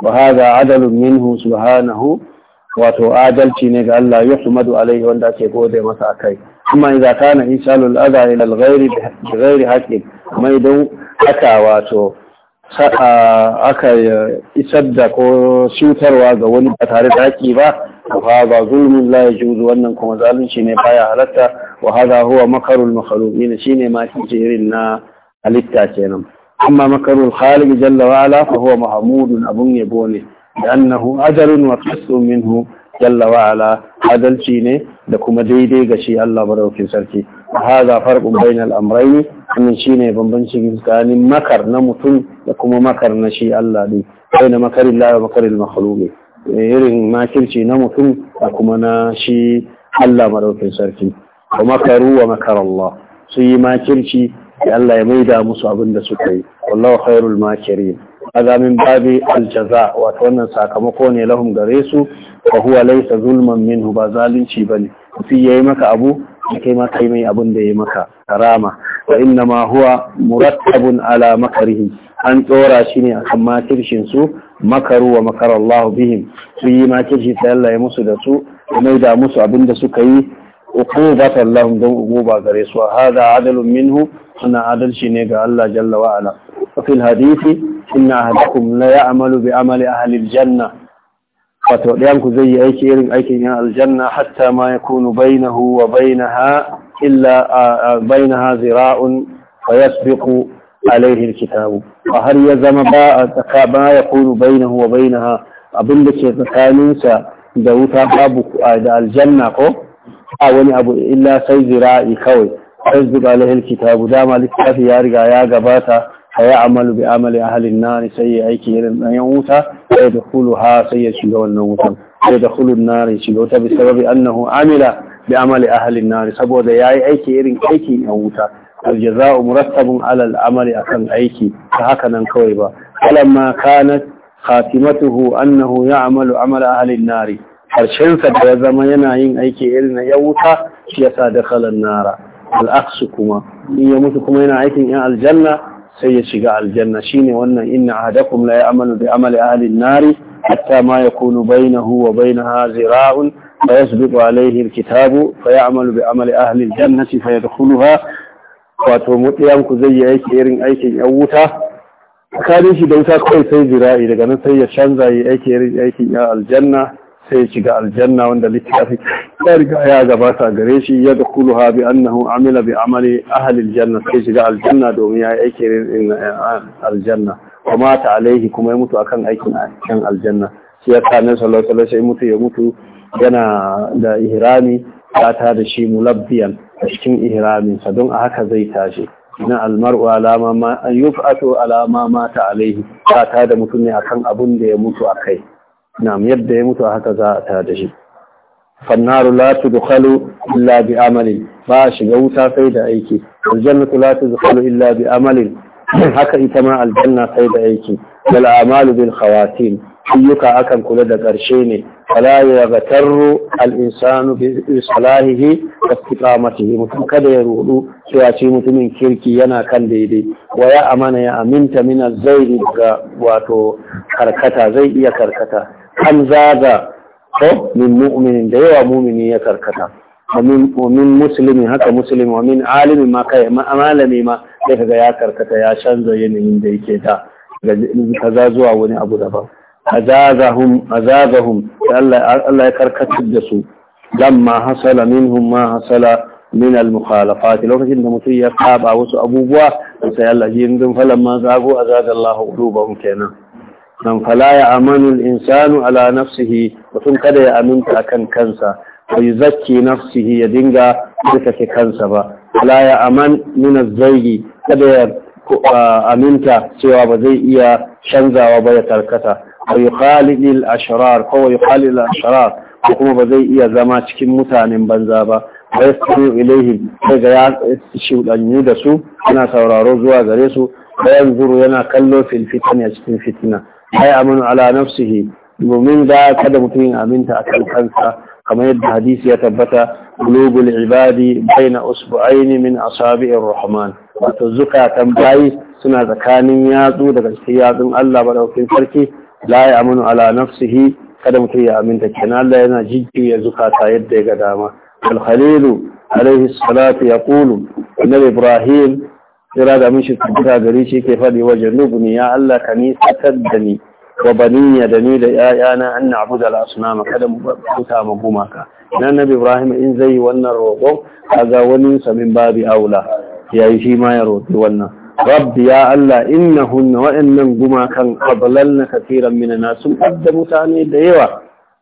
Speaker 1: وهذا عدل منه سبحانه واتو adalci ne ga Allah ya sumadu alaihi wanda ake gode masa a kai amma idza kana insalul adha ila al-ghairi bi aka isar da ko cutarwa ga wani ba tare da haƙi ba fa ba zulmin la yajuzu wannan kuma zalunci ne baya halatta wa hadha huwa makarul makhluqin shine ma irin na halitta kenan amma makarul khaliq jalla wa ala fa huwa mahmudun abun yabo ne annahu ajalun wa qasdun minhu jalla wa ala adalci ne da kuma daidai ga shi Allah madaukakin sarki hadha farqun bainal amrayni wannan shine bambanci tsakanin makar na mutum da kuma makar na shi Allah ne kai na makarin lawa makarin eh, irin makirci na mutum da kuma na shi Allah madaukin sarki wa makaru wa makar Allah su yi makirci da Allah ya maida musu abin da suka yi wallahu khairul makirin kaga min babi aljaza wata wannan sakamako ne lahum gare su wa huwa laysa zulman minhu ba zalunci ba bane mutum yayi maka abu kai ma kai mai abin da yi maka karama wa inna ma huwa murattabun ala makarihi an tsora shi ne akan makircin su makaru wa makara Allah bihim su yi makirci ta Allah ya musu da su mai da musu abin da suka yi uqubatan lahum don uquba gare su hada adalun minhu ana adalci ne ga Allah jalla wa ala fil hadisi inna ahadakum la ya'malu bi amali ahli al-janna wato ɗayan ku zai yi aiki irin aikin yan aljanna hatta ma yakunu bainahu wa bainaha إلا بينها ذراع فيسبق عليه الكتاب وهل يزم باء ما يكون بينه وبينها abin abinda ke tsakaninsa da wuta babu da aljanna ko a wani abu illa sai zira'i kawai facebook alahil kitabu dama littafi ya riga ya gabata a ya amalu bi amali ahalin nari sai ya aiki irin wuta sai da kulu ha sai ya shiga wannan wutan sai da kulun nari shiga wuta bi sababi annahu amila bi amali ahlin nar saboda yayi aiki irin aikin yan wuta al jaza'u murattabun ala amali akan aiki ta haka nan kawai ba alamma kanat khatimatuhu annahu ya'malu amala ahlin nari harshen sa da ya zama yana yin aiki irin na yan wuta shi yasa dakhala an nara al aksu kuma in ya mutu kuma yana aikin yan aljanna sai ya shiga aljanna shine wannan inna ahadakum la ya'malu bi amali ahlin nar hatta ma yakunu bainahu wa bainaha zira'un فيسبق عليه الكتاب فيعمل بعمل أهل الجنة فيدخلها wato mutiyan ku zai yi aiki irin aikin yan wuta tsakanin shi da wuta kawai sai jira'i daga nan sai ya canza yi aiki irin aikin yan aljanna sai ya shiga aljanna wanda littafi ya riga ya gabata gare shi ya da kulu ha bi annahu amila bi amali ahalil janna sai shiga aljanna domin ya yi aiki irin aljanna wa mata alaihi kuma ya mutu akan aikin yan aljanna shi ya sa nan sallallahu alaihi mutu ya mutu yana da ihrami ta da shi mulabbiyan a cikin ihraminsa don a haka zai tashi na almar'u alama ma an yuf'atu alama mata alaihi ta ta da mutum ne akan abun da ya mutu a kai na yadda ya mutu a haka za a ta da shi fannaru la tudkhalu illa bi amalin ba shiga wuta sai da aiki aljannatu la tudkhalu illa bi amalin haka ita ma aljanna sai da aiki wal amalu bil khawatim ayyuka akan kula da ƙarshe ne Wala ya gatarru al-insanu bi salahihi wa istiqamatihi mutum kada ya rudu cewa shi mutumin kirki yana kan daidai wa ya amana ya aminta min az-zairi ga wato karkata zai iya karkata kan zaga ko min mu'minin da yawa mu'mini ya karkata wa min muslimin haka muslim wa min alimin ma kai malami ma sai kaga ya karkata ya canza yanayin da yake ta kaza zuwa wani abu daban azazahum azazahum Allah ya karkatar da su ma hasala minhum ma hasala min al-mukhalafat lokacin da mutum ya saba wasu abubuwa sai Allah ji indin falan ma zago azazallahu qulubahum kenan dan fala ya amanu al-insanu ala nafsihi mutum kada ya aminta akan kansa wa yuzakki nafsihi ya dinga ke kansa ba fala ya aman min az-zawji kada ya aminta cewa ba zai iya canzawa ba ya tarkata wa yukhalid al ashrar ko kuma ba zai iya zama cikin mutanen banza ba wa yastami ilayhi sai ga ya shudanyu da su yana sauraro zuwa gare su wa yanzuru yana kallo fil fitna cikin fitina ay amanu ala nafsihi domin da kada mutumin aminta akan kansa kamar yadda hadisi ya tabbata bulugul ibadi baina usbu'aini min asabi'ir rahman wato zukatan bayi suna tsakanin yatsu daga cikin yatsun Allah madaukakin sarki la ya amanu ala nafsihi kada mutum ya aminta kenan Allah yana jijjiya zukata yadda ya ga dama
Speaker 2: al-khalilu
Speaker 1: alaihi salatu yaqulu annabi ibrahim kira da mishi tsaka gari shi ke faɗi wa ne, ya Allah ka nisatar da ni wa baniya da ni da ‘ya'yana an na abu da al'asunama kada mu bauta ma gumaka na nabi ibrahim in zai yi wannan roƙon kaga ga wani samin babi aula ya yi shi ma ya roƙi wannan rabbi ya Allah hunna waɗannan gumakan na kaseeran minna sun adda mutane da yawa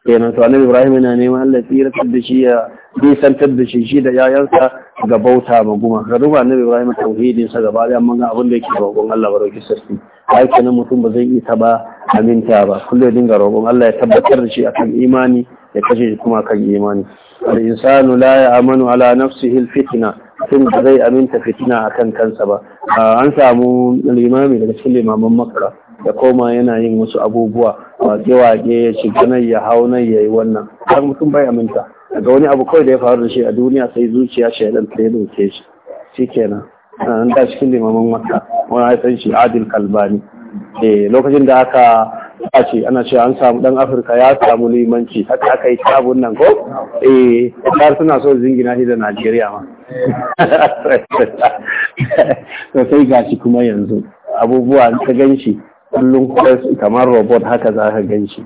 Speaker 1: kenan to annabi Ibrahim yana neman Allah tsira da shi ya nisantar da shi shi da yayansa ga bauta ma guma ka duba annabi Ibrahim tauhidin sa gaba da ga abin da yake roƙon Allah barauki sarki ai kenan mutum ba zai ta ba aminta ba kullu dinga roƙon Allah ya tabbatar da shi akan imani ya kashe kuma kan imani al insanu la ya'manu ala nafsihi al fitna mutum zai aminta fitina a kan kansa ba an samu limami daga cikin limaman makara da koma yana yin wasu abubuwa wage-wage ya shiga nan ya hau nan ya yi wannan har mutum bai aminta daga wani abu kawai da ya faru da shi a duniya sai zuciya shaidan ta ya doke shi shi kenan an da cikin limaman makara wani haifan shi adil kalbani eh, lokacin da aka ce ana ce an samu dan afirka ya samu limanci haka aka yi tabun nan ko eh suna so zingina shi da najeriya ma Sosai ga shi kuma yanzu abubuwa ka gan shi kullum kamar robot haka za ka gan shi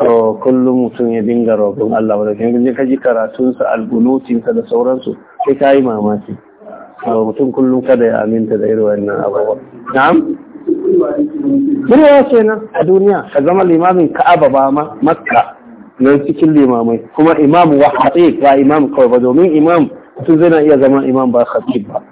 Speaker 1: to kullum mutum ya dinga roƙon Allah wadda kan yi kaji karatunsa algunutinsa da sauransu sai ka yi mamaki so mutum kullum kada ya aminta da irin wannan abubuwa na'am ce nan a duniya ka zama limamin Ka'aba ba ma Makka nan cikin limamai kuma imam wa ba imam kawai ba domin imam mutum zai na iya zama imam ba khatib ba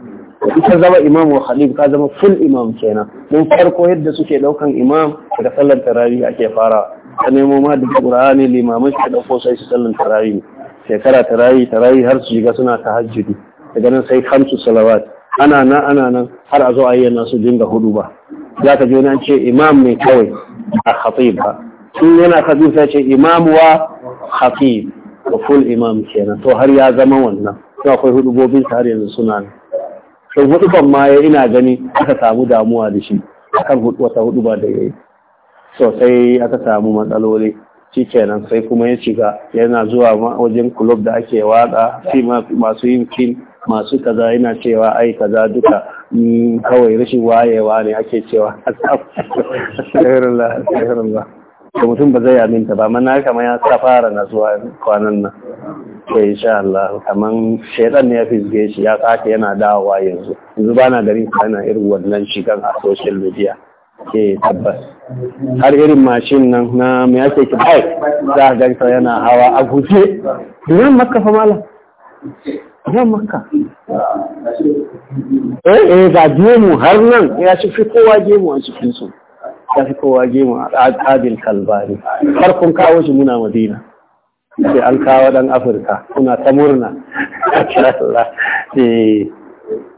Speaker 1: ita zama imam wa khalif ka zama full imam kenan don farko yadda suke ɗaukan imam da sallar tarawih ake fara ta nemo ma da qur'ani limaman shi dauko sai su sallar tarawih shekara tarawih tarawih har su shiga suna tahajjudi daga nan sai khamsu salawat ana nan ana nan har a zo ayyana su dinga hudu ba za ka je an ce imam mai kawai a khatib ba in yana khatib sai ce imam wa khatib full imam kenan to har ya zama wannan ko akwai hudubobin har yanzu suna ne to ban ma ya ina gani aka samu damuwa da shi akan wata ba da yayi so sai aka samu matsaloli shikenan sai kuma ya shiga yana zuwa wajen club da ake waka masu yin fim masu kaza yana cewa ai kaza duka mm, kawai rashin wayewa ne ake cewa astagfirullah da mutum ba zai aminta ba mana kama ya sa fara na zuwa kwanan nan ke insha Allah kaman shaidan ne ya fizge shi ya tsaka yana dawowa yanzu yanzu ba na garin yana irin wannan shigan a social media ke eh, tabbas har irin mashin nan na mai ake ki bai za a ganta yana hawa a guje yan makka fa malam yan makka eh eh ga gemu har nan ya ci fi kowa gemu a cikin su ya fi kowa gemu a adil kalbari farkon kawo shi muna madina sai an kawo dan afirka kuna ta murna eh,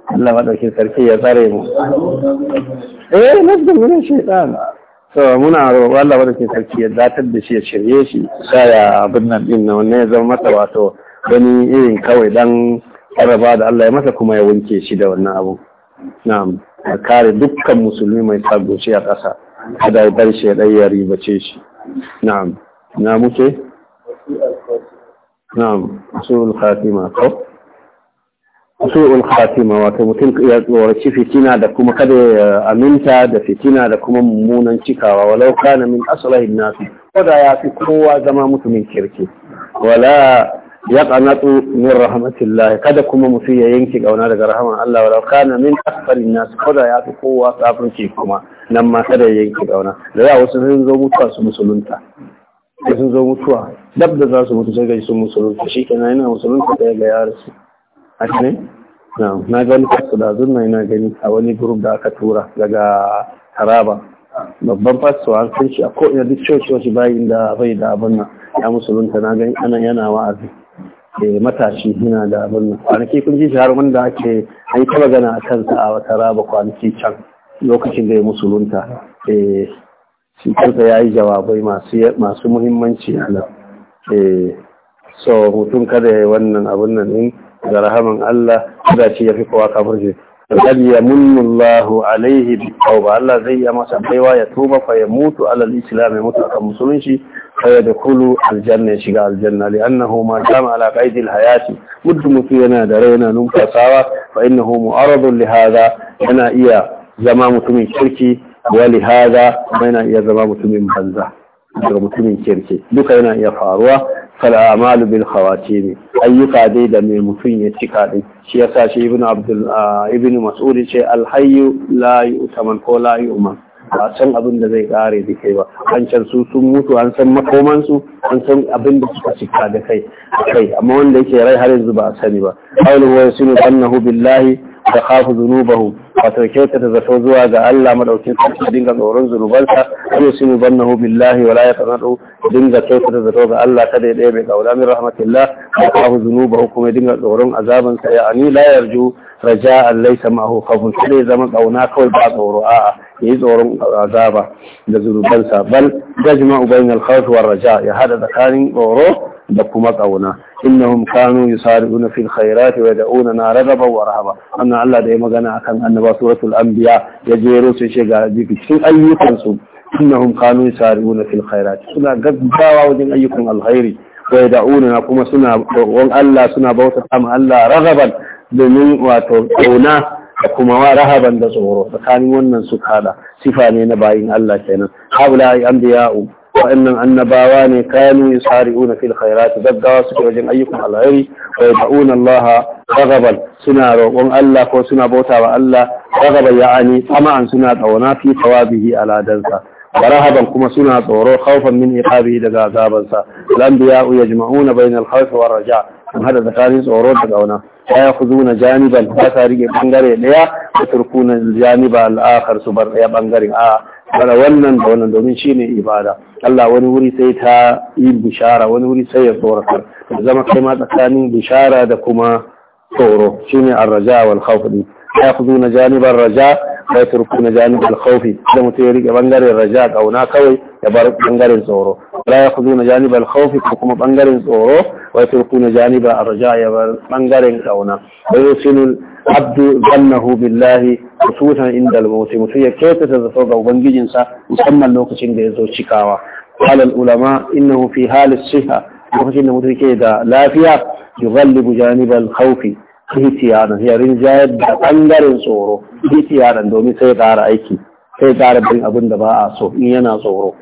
Speaker 1: Allah maɗaukin sarki ya tsare mu eh nasu muna ɗan. so muna roƙo Allah maɗaukin sarki ya datar da shi ya shirye shi sa ya abin nan din na wannan ya zama masa wato wani irin kawai dan araba da Allah ya masa kuma ya wanke shi da wannan abu Na kare dukkan musulmi mai sagoci a ƙasa kada ya bar shaidan ya ribace shi na'am na muke na'am usul khatima ko usul khatima wato mutum ya tsoraci fitina da kuma kada ya aminta da fitina da kuma mummunan cikawa walau kana min aslahin nasi ko da ya fi kowa zama mutumin kirki wala ya qanatu min rahmatillah kada kuma mutum ya yanke kauna daga rahman Allah walau kana min akfarin nas koda ya fi kowa kafirci kuma nan ma kada ya yanke kauna da za wasu sun zo mutuwa su musulunta sun zo mutuwa dab da za su mutu sai ga su musulunta shi kenan ina musulunta da ga yaro su a ne na ga wani kasu da zunna yana gani a wani grup da aka tura daga taraba babban fasu an kunshi a ko'ina duk cewa shi bayin da bai da abin nan ya musulunta na gani ana yana wa'azi Eh, matashi yana da abin kwanaki kun ji shi har wanda ake an yi magana a kansa a wata raba kwanaki can lokacin da ya musulunta eh, shi kansa ya yi jawabai masu muhimmanci a nan eh, so mutum kada ya yi wannan abin nan in ga rahaman Allah kada ce ya fi kowa kafin bal yamunnu alaihi bi Allah zai yi masa baiwa ya tuba fa ya mutu alal islam mutu akan musulunci fa ya dakulu aljanna ya shiga aljanna li annahu ma kama yana da rai yana numfasawa fa innahu mu'aradun li hadha yana iya zama mutumin kirki wa li hadha yana zama mutumin banza daga mutumin kirki duka yana iya faruwa kala amalu bil ne ayyuka dai da mai mutum ya cika din shi yasa shi Ibn abdul Ibn mas'ud ce Alhayyu la yu'taman ko la yu'man ba san abin da zai kare da kai ba an can su sun mutu an san makoman su an san abin da suka cika da kai kai amma wanda yake rai har yanzu ba a sani ba qawlu wa yusinu annahu billahi da kafu zunubahu wato kyautata zato zuwa ga Allah madaukin sarki dinga tsoron zunubansa ayo sinu bannahu billahi wala yaqnatu dinga kyautata zato ga Allah kada ya bai kaula min rahmatillah da kafu zunubahu kuma dinga tsoron azaban sa ya ani la yarju raja'a laysa ma'ahu sai zama kauna kawai ba tsoro a'a yayi tsoron azaba da zunubansa bal yajma'u bainal khawf war raja ya hada tsakanin tsoro da kuma kauna innahum kanu yusari'una fil khairati wa yad'unana ragaban wa rahaba anna Allah da ya magana akan annaba suratul anbiya ya jero su ce ga jiki cikin ayyukan su innahum kanu yusari'una fil khairati suna gaggawa wajen ayyukan alkhairi wa yad'unana kuma suna wan Allah suna bauta ma Allah ragaban domin wato kauna da kuma wa rahaban da tsoro tsakanin wannan su kada sifa ne na bayin Allah kenan haula anbiya'u wa'annan annabawa ne kanu yusari'una fil khairat gaggawa suke wajen ayyukan alheri wa yad'una ragaban suna roƙon Allah ko suna bauta wa Allah ragaban ya'ani tama'an suna kauna fi tawabihi ala dansa kuma suna tsoro khaufan min iqabi daga gabansa lambiya yajma'una bainal khawf war raja' an hada tsakanin tsoro da gauna ya ya kuzu na janiban ba sa rike bangare daya da na janiba la'akarsu su bar daya bangaren fara wannan da wannan domin shi ne ibada Allah wani wuri sai ta yi bishara wani wuri sai ya tsoratar da zama kai ma tsakanin bishara da kuma tsoro Shi shine arraja wal khawf din ya kuzo na janibar raja sai turku na janib al-khawfi da mutum ya rike bangaren raja kauna kawai ya bar bangaren tsoro la ya khudu na janib al-khawfi ko kuma bangaren tsoro wa turku na janib ar-raja ya bar bangaren kauna wa yusinu abdu zannahu billahi khususan inda al mutum ya keta ta zato ga ubangijinsa musamman lokacin da ya zo cikawa قال ulama إنه في hali siha lokacin da mutum ke da lafiya yughallibu janibal khawfi ihtiyaran yar'in rinjayar da ɓangaren tsoro ihtiyaran domin sai ƙara aiki sai ƙara bin abin da ba a so in yana tsoro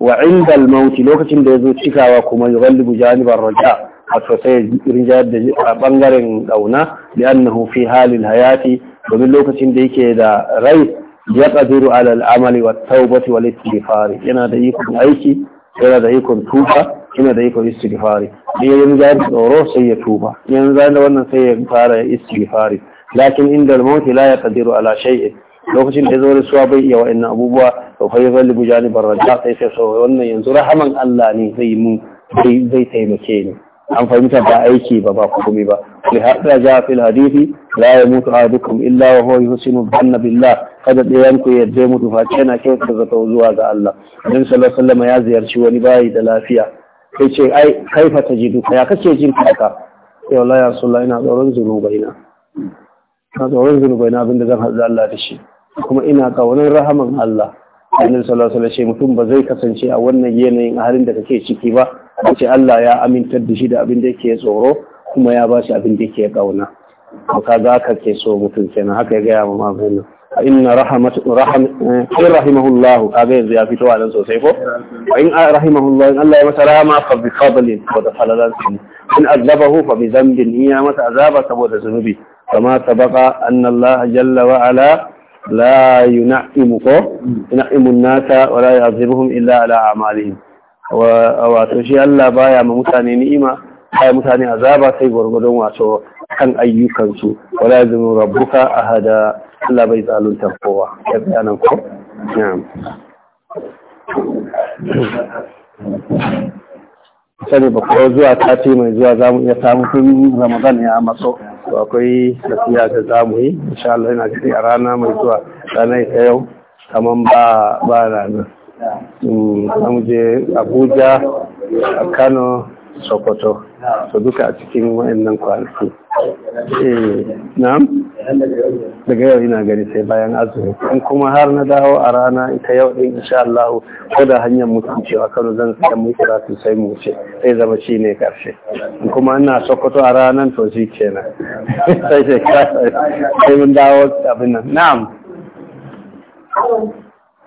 Speaker 1: wa inda lokacin da ya zo cikawa kuma ya Bujani, janibar raja wato sai rinjayar da ɓangaren ɗauna da annahu fi halin hayati domin lokacin da yake da rai ya ƙadiru alal amali wa taubati wal fari, yana da ikon aiki yana da ikon tufa yana da ikon istighfari in ya yanzu tsoro sai ya tufa yanzu da wannan sai ya fara istighfari lakin inda al-maut la yaqdiru ala shay'in lokacin da zo suwa bai iya wa'annan abubuwa to fa yuzallibu janibar raja sai sai wannan yanzu rahaman Allah ne zai mu zai taimake ni an fahimta ba aiki ba ba komai ba li hadda ja fil hadithi la yamutu ahadukum illa wa huwa yusinu dhanna billah kada ɗayan ku je mutu fa yana kyautar zata zuwa ga Allah dan sallallahu alaihi ya ziyarci wani bayi da lafiya kai ce ai kaifa tajidu ya kake jin kaka? sai wallahi ya sallallahu ina tsoron zunubaina ina tsoron zunubaina abinda zan haɗa Allah da shi kuma ina kaunar rahaman Allah annabi sallallahu alaihi wasallam mutum ba zai kasance a wannan yanayin a halin da kake ciki ba a ce Allah ya amintar da shi da abin da yake tsoro kuma ya ba shi abin da yake kauna to kaga haka ke so mutum kenan haka ya gaya ma maganin eh, in rahmatu rahim rahimahullahu ga yanzu ya fito nan sosai ko in ah, rahimahullahu in Allah ya masa rahama fa bi fadlin ko da falalan in azabahu fa bi dhanbin ya masa azaba saboda zunubi kama sabaqa anna Allah jalla wa ala la yun'imuko yun'imun nasa wa la yu'adhibuhum illa ala a'malihim wato shi Allah baya ma mutane ni'ima baya mutane azaba sai gwargwadon wato kan ayyukansu wala yazmu rabbuka ahada Allah bai zalunta kowa ya bayanan ko na'am sani ba ko zuwa sati mai zuwa zamu iya samu tun ramadan ya matso to akwai tafiya da zamu yi insha Allah ina gani a rana mai zuwa ranar ta yau kaman ba ba ranar zamu je abuja kano sokoto so duka a cikin wa'annan kwanaki eh, na'am daga yau ina gani sai bayan azumi in kuma har na dawo a rana ita yau din insha Allah ko da hanyar mutum cewa Kano zan tsaya mu su sai mu ce sai zama shi ne karshe in kuma ina Sokoto a ranan to shi kenan sai sai mun dawo abin nan na'am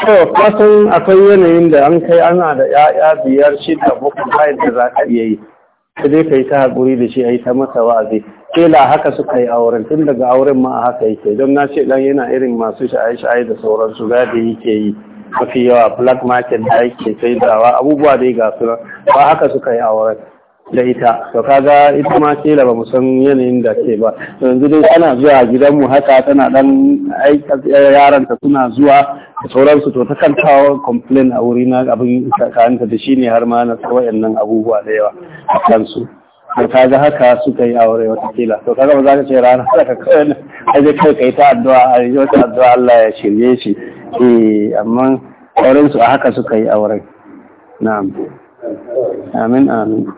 Speaker 1: so kwasan akwai yanayin da an kai ana da ya'ya biyar da bakwai bayan da za ka iya yi ka je ka yi ta haƙuri da shi a yi ta masa wa'azi kela haka suka yi auren tun daga auren ma a haka yake don na ce dan yana irin masu shaye-shaye da sauransu ga da yake yi mafi yawa black market da yake saidawa abubuwa dai ga su ba haka suka yi auren da ita to kaga ita ma kela ba mu san yanayin da ke ba yanzu dai tana zuwa gidanmu haka tana dan aika yaranta suna zuwa sauransu to ta kan kawo complain a wuri na abin kanta da shine har ma na tsawon yannan abubuwa da yawa a kansu to ga haka suka yi aure wata kila to kaga ba za ka ce rana saka kawai aje kai kai ta addu'a a yi wata addu'a Allah ya shirye shi eh amma auren a haka suka yi aure na'am amin amin